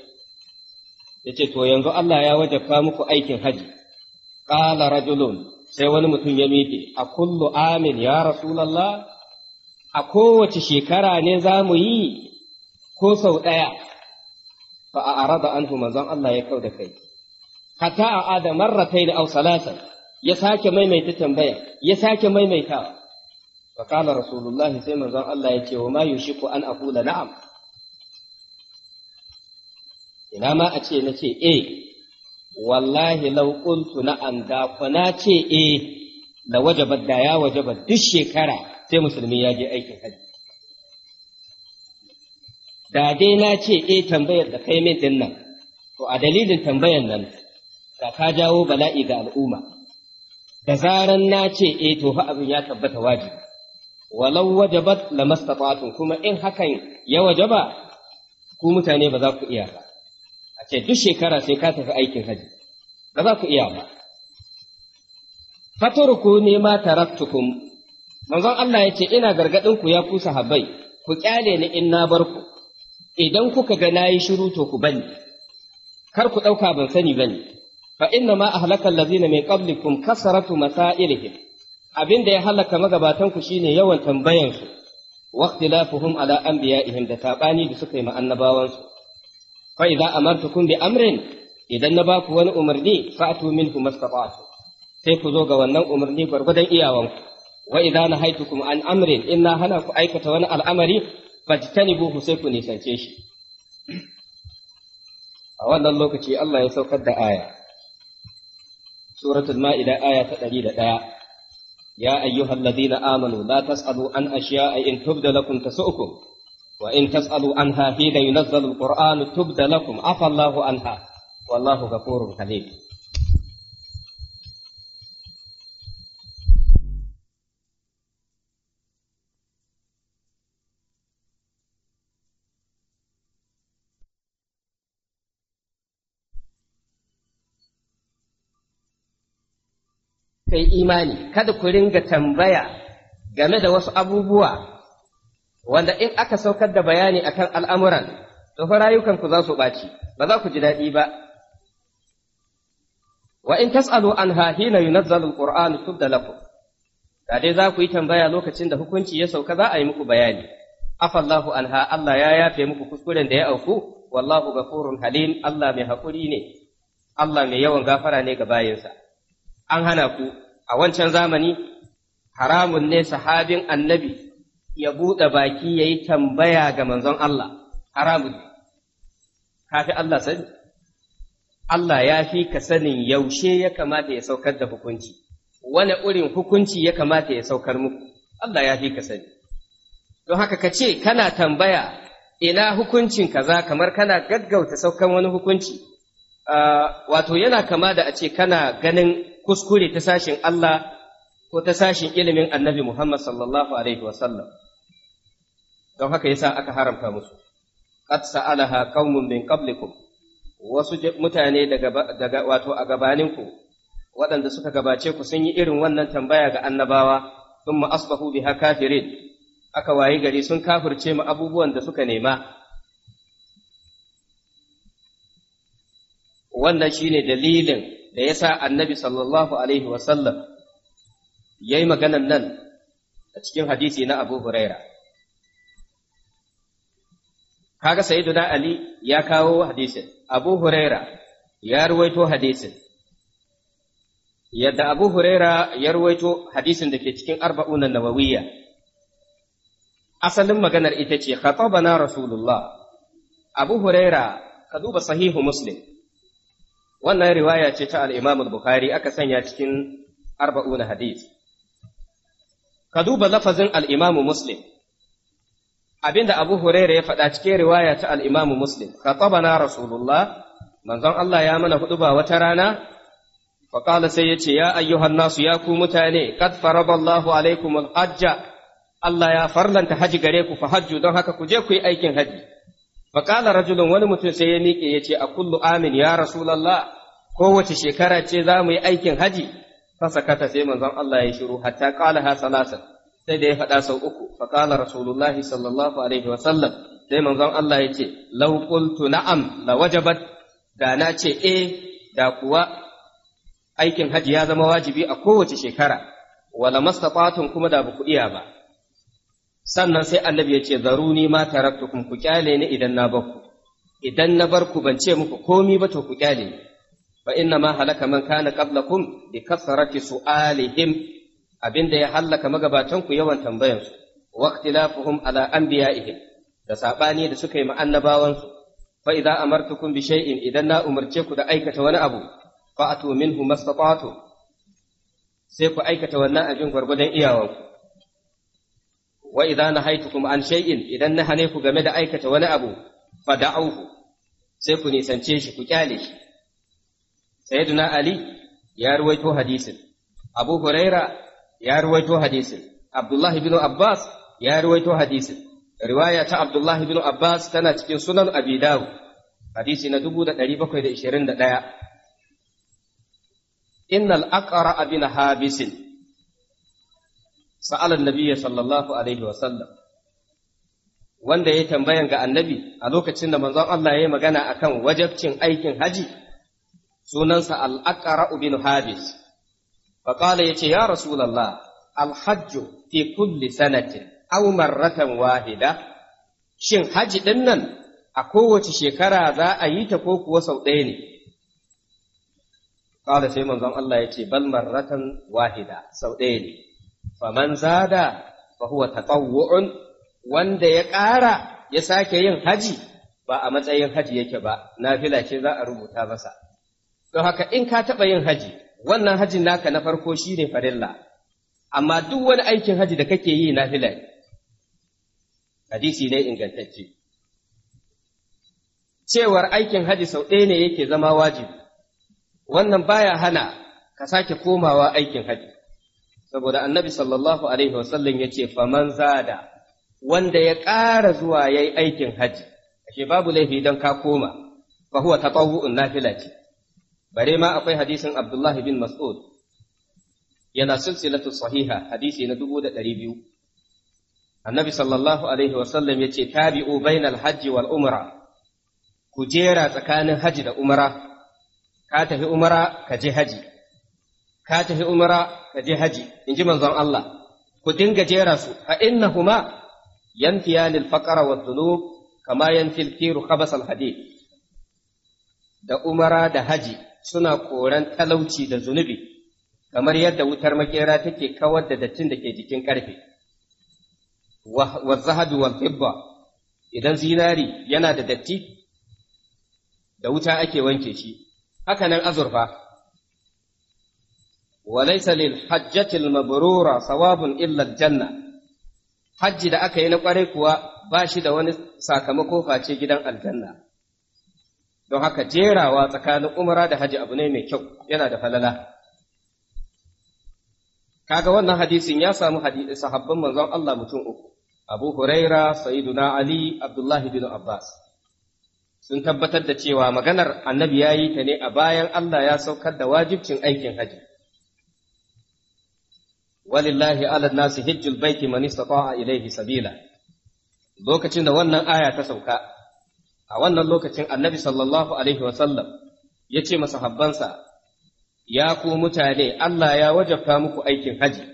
yace to yanzu Allah ya wajabta muku aikin haji qala rajulun sai wani mutum ya miƙe a kullu amin ya rasulallah a kowace shekara ne za mu yi ko sau ɗaya fa a arada anhu manzon Allah ya kau da kai hatta a adamar ratai da au salasan ya sake maimaita tambaya ya sake maimaita. fa kana rasulullah sai manzon Allah ya ce wa ma yushiku an aqula na'am ina ma a ce nace eh wallahi law na an da ce e eh, da wajabar da ya wajabar duk shekara sai musulmi ya je aikin hajji da dai na ce e tambayar da kai min nan, to a dalilin tambayar nan da ka jawo bala'i ga al'umma da zaran na ce e to fa abin ya tabbata wajibi walau wajabat lamastata'tum kuma in hakan ya wajaba ku mutane ba za ku iya ba ce duk shekara sai ka tafi aikin haji ba za ku iya ba faturku ne ma taraktukum manzon Allah ya ce ina gargadin ku ya kusa Habbai. ku kyale ni in na bar ku idan kuka ga nayi shiru to ku bani kar ku dauka ban sani bane fa inna ma ahlaka allazina min qablikum kasaratu masailihim abinda ya halaka magabatan ku shine yawan tambayan su waqtilafuhum ala anbiya'ihim da tabani da suka yi ma annabawansu fa idza amartukum bi amrin idan na baku wani umarni fa'tu minhu mastata'tu sai ku zo ga wannan umarni gwargwadon iyawanku wa idza nahaitukum an amrin in na hana ku aikata wani al'amari fajtanibuhu sai ku nisance shi a wannan lokaci Allah ya saukar da aya suratul idan aya ta ɗari da ɗaya, ya 101 يا أيها الذين آمنوا لا تسألوا عن أشياء إن تبد su uku. وإن تسألوا عنها حين ينزل القرآن تبدى لكم عفى الله عنها والله غفور حليم kai imani kada ku ringa tambaya game da wasu abubuwa wanda in aka saukar da bayani akan al'amuran to fa rayukanku za su ɓaci ba za ku ji daɗi ba wa in tas'alu anha hina yunazzalu alqur'anu tudda lakum da dai za ku yi tambaya lokacin da hukunci ya sauka za a yi muku bayani afallahu anha Allah ya yafe muku kuskuren da ya auku wallahu ghafurun halim Allah mai haƙuri ne Allah mai yawan gafara ne ga bayinsa an hana ku a wancan zamani haramun ne sahabin annabi ya buɗe baki ya yi tambaya ga manzon Allah, haramun ne, kafi Allah sani? Allah ya fi ka sanin yaushe ya kamata ya saukar da hukunci, wane urin hukunci ya kamata ya saukar muku, Allah ya fi ka sani. Don haka ka ce, kana tambaya ina hukuncin kaza kamar kana gaggauta saukan wani hukunci, ah, wato yana kama da a ce kana ganin kuskure ta sashin Allah ko ta sashin ilimin annabi Muhammad sallallahu Alaihi wasallam. don haka yasa aka haramta musu qad sa'alaha qaumun min qablikum wasu mutane daga daga wato a gabaninku waɗanda suka gabace ku sun yi irin wannan tambaya ga annabawa sun asbahu biha kafirin aka wayi gari sun kafirce mu abubuwan da suka nema wannan shine dalilin da yasa annabi sallallahu alaihi wasallam ya maganan nan a cikin hadisi na abu huraira kaga sayyiduna ali ya kawo hadisin abu huraira ya ruwaito hadisin yadda abu huraira ya ruwaito hadisin da ke cikin arba'unan nawawiyya asalin maganar ita ce khatabana rasulullah abu huraira ka duba sahihu muslim wannan riwaya ce ta al-imam al-bukhari aka sanya cikin arba'una hadis ka duba lafazin al-imam muslim abinda Abu Huraira ya faɗa cikin riwaya ta al-Imam Muslim khatabana Rasulullah manzon Allah ya mana hudu ba wata rana fa sai ya yace ya ayyuhan nasu ya ku mutane qad faradallahu alaikum al-hajja Allah ya farlanta haji gare ku fa hajju don haka ku je ku yi aikin haji fa rajulun wani mutum sai ya miƙe yace a kullu amin ya Rasulullah kowace shekara ce za mu yi aikin haji fa sakata sai manzon Allah ya shiru hatta ƙala ha salasan sai da ya faɗa sau uku faƙala rasulullahi sallallahu alaihi wasallam sai manzon Allah ya ce laukultu na'am la wajabat da na ce e da kuwa aikin hajji ya zama wajibi a kowace shekara wala mastata'tum kuma da ku iya ba sannan sai annabi ya ce zaruni ma taraktukum ku kyale ni idan na barku idan na barku ban ce muku komi ba to ku kyale ni fa inna ma halaka man kana qablakum bi kasrati su'alihim Abin da ya hallaka magabatanku yawan tambayansu wa ikhtilafuhum ala anbiya'ihim da sabani da suka yi ma annabawansu fa idza amartukum bi shay'in idan na umarce ku da aikata wani abu fa atu minhu mastata'tum sai ku aikata wannan abin gwargwadon iyawanku wa idza nahaitukum an shay'in idan na hane ku game da aikata wani abu fa da'awhu sai ku nisance shi ku kyale shi sayyiduna ali ya ruwaito hadisin abu huraira ya ruwaito hadisin Abdullahi bin Abbas ya ruwaito hadisin riwaya ta Abdullahi bin Abbas tana cikin sunan Abi Dawud hadisi na 1721 innal aqra bin habisin sa'alan nabiyyi sallallahu alaihi wa sallam wanda ya tambayan ga annabi a lokacin da manzon Allah ya yi magana akan wajabcin aikin haji sunansa al-aqra bin habis فقال يتي يا رسول الله الحج في كل سنة أو مرة واحدة شن حج دنن أقوة شكرا ذا أيت كوك وسوطيني قال سيما الله يتي بل مرة واحدة سوطيني فمن زاد فهو تطوع wanda ya ƙara ya sake yin haji ba a matsayin haji yake ba, nafila ce za a rubuta masa. Don haka in ka taɓa yin haji, wannan hajjin naka na farko shi ne farilla amma duk wani aikin hajji da kake yi na filai hadisi ne ingantacce cewar aikin hajji sau ɗaya ne yake zama wajibi wannan baya hana ka sake komawa aikin haji saboda annabi sallallahu alaihi wasallam ya ce faman zada wanda ya ƙara zuwa ya yi aikin haji ashe babu laifi don ka koma fa huwa na nafila ce bare ma akwai hadisin Abdullahi bin Mas'ud yana silsilatu sahiha hadisi na dubu da ɗari biyu annabi sallallahu alaihi wasallam ya ce tabi'u bainal hajji wal umra ku jera tsakanin haji da umra ka tafi umra ka je haji ka tafi umra ka je haji in ji manzon Allah ku dinga jera su fa innahuma yanfiya lil faqra wad dhunub kama yanfi al khabas al hadith da umara da haji suna koran talauci da zunubi kamar yadda wutar makera take kawar da dattin da ke jikin ƙarfe wa wal fibba idan zinari yana da datti da wuta ake wanke shi haka nan azurfa وليس للحجة المبرورة ثواب إلا الجنة حج da aka yi na kwarai kuwa bashi da wani sakamako face gidan aljanna don haka jerawa tsakanin umara da haji abu ne mai kyau yana da falala kaga wannan hadisin ya samu sahabban manzon Allah mutum uku Abu Huraira Sayyiduna Ali Abdullahi bin Abbas sun tabbatar da cewa maganar annabi ya yi ta ne a bayan Allah ya saukar da wajibcin aikin haji walillahi ala nasu hijjul baiti man istata'a ilayhi sabila lokacin da wannan aya ta sauka a wannan lokacin annabi sallallahu alaihi wasallam ya ce masahabbansa ya ku mutane Allah ya wajabta muku aikin haji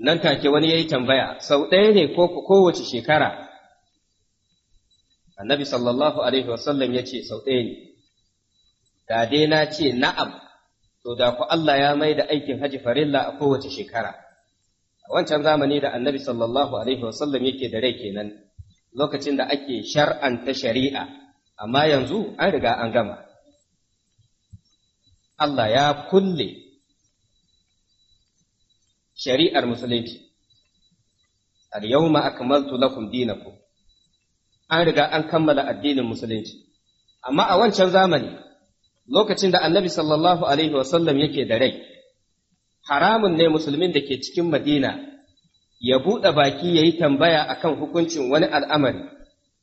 nan take wani ya yi tambaya sau ɗaya ne kowace shekara annabi sallallahu alaihi wasallam ya ce sau ɗaya ne da dai na ce na'am to da ku Allah ya mai da aikin haji farilla a kowace shekara wancan zamani da annabi sallallahu alaihi wasallam yake da rai kenan lokacin da ake shar'anta shari'a amma yanzu an riga an gama Allah ya kulle shari'ar musulunci al-yawma akmaltu lakum dinakum an riga an kammala addinin musulunci amma a wancan zamani lokacin da annabi sallallahu alaihi wasallam yake da rai haramun ne musulmin da ke cikin madina ya buɗe baki ya yi tambaya akan hukuncin wani al'amari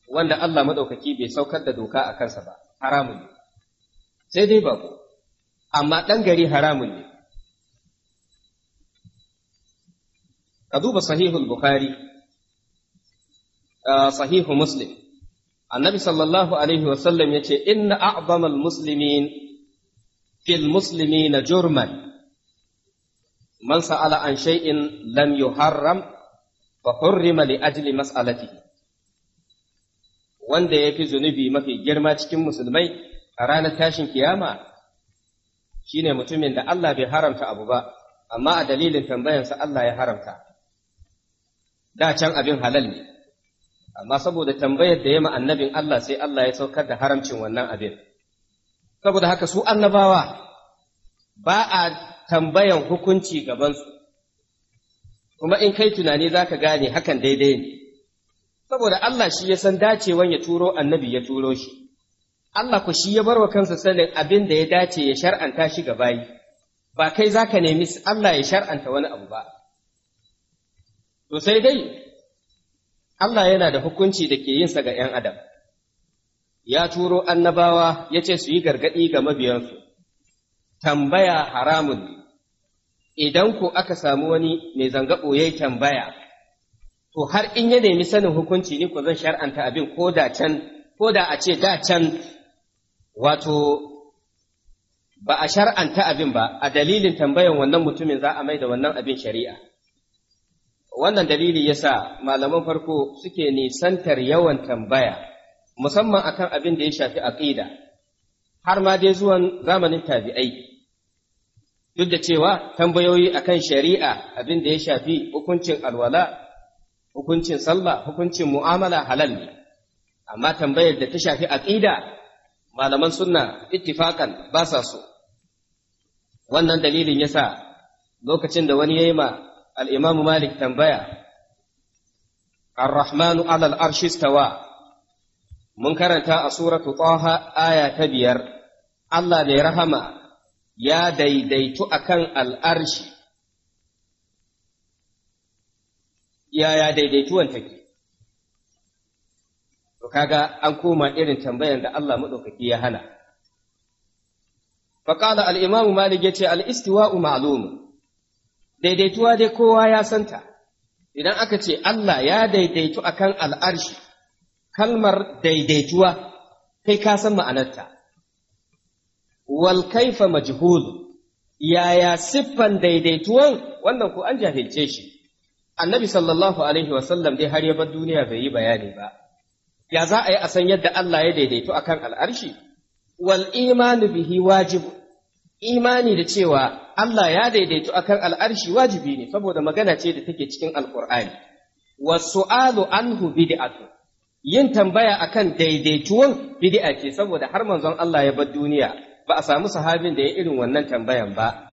wanda Allah maɗaukaki bai saukar da doka a kansa ba haramun ne sai dai babu amma ɗan gari haramun ne ka duba sahihul bukhari ah, sahihu muslim annabi sallallahu alaihi wasallam ya ce inna a'zamal muslimin fil muslimina jurman man sa'ala an shay'in lam yuharram fa hurrima li ajli mas'alatihi wanda yafi zunubi mafi girma cikin musulmai a ranar tashin kiyama shine mutumin da Allah bai haramta abu ba amma a dalilin tambayansa Allah ya haramta da can abin halal ne amma saboda tambayar da ya ma annabin Allah sai Allah ya saukar da haramcin wannan abin saboda haka su annabawa ba a tambayan hukunci gabansu kuma in kai tunani za ka gane hakan daidai ne saboda Allah shi ya san dacewan ya turo annabi ya turo shi Allah ku shi ya barwa kansa sanin abin da ya dace ya shar'anta shi ga bayi ba kai za ka nemi Allah ya shar'anta wani abu ba to sai dai Allah yana da hukunci da ke yinsa ga ‘yan adam, ya turo annabawa ya ce su yi gargaɗi ga mabiyansu, tambaya haramun ne, idan ku aka samu wani mai zangaɓo ya yi tambaya, to har in ya nemi sanin hukunci ni ku zan shar'anta abin ko da can, ko da a ce da can wato ba a shar'anta abin ba, a dalilin tambayan wannan mutumin za a mai da wannan abin shari'a. Wannan dalili ya sa malaman farko suke nisantar yawan tambaya, musamman akan abin da ya shafi aƙida, har ma dai zuwan zamanin tabi'ai. duk da cewa tambayoyi a kan shari'a abin da ya shafi hukuncin alwala hukuncin sallah hukuncin mu'amala halal ne amma tambayar da ta shafi aqida malaman sunna ittifaqan ba sa so wannan dalilin ya sa lokacin da wani ya yi ma al Malik tambaya Ar-Rahmanu 'ala al mun karanta a suratu Taha aya ta biyar Allah da ya rahama ya daidaitu a kan al'arshi yaya daidaituwan ke? to kaga an koma irin tambayar da Allah maɗaukaki ya hana faƙala al'imamu malik ya ce al'istiwa'u ma'alumu daidaituwa dai kowa ya santa idan aka ce Allah ya daidaitu a kan al'arshi kalmar daidaituwa kai ka san ma'anarta wal kaifa majhul yaya siffan daidaituwan wannan ko an jahilce shi annabi sallallahu alaihi wasallam dai har ya bar duniya bai yi bayani ba ya za a yi a san yadda Allah ya daidaitu akan al'arshi wal imanu bihi wajib imani da cewa Allah ya daidaitu akan al'arshi wajibi ne saboda magana ce da take cikin alqur'ani wasu'alu anhu bid'atu yin tambaya akan daidaituwan bid'a ce saboda har manzon Allah ya bar duniya ba a samu sahabin da ya irin wannan tambayan ba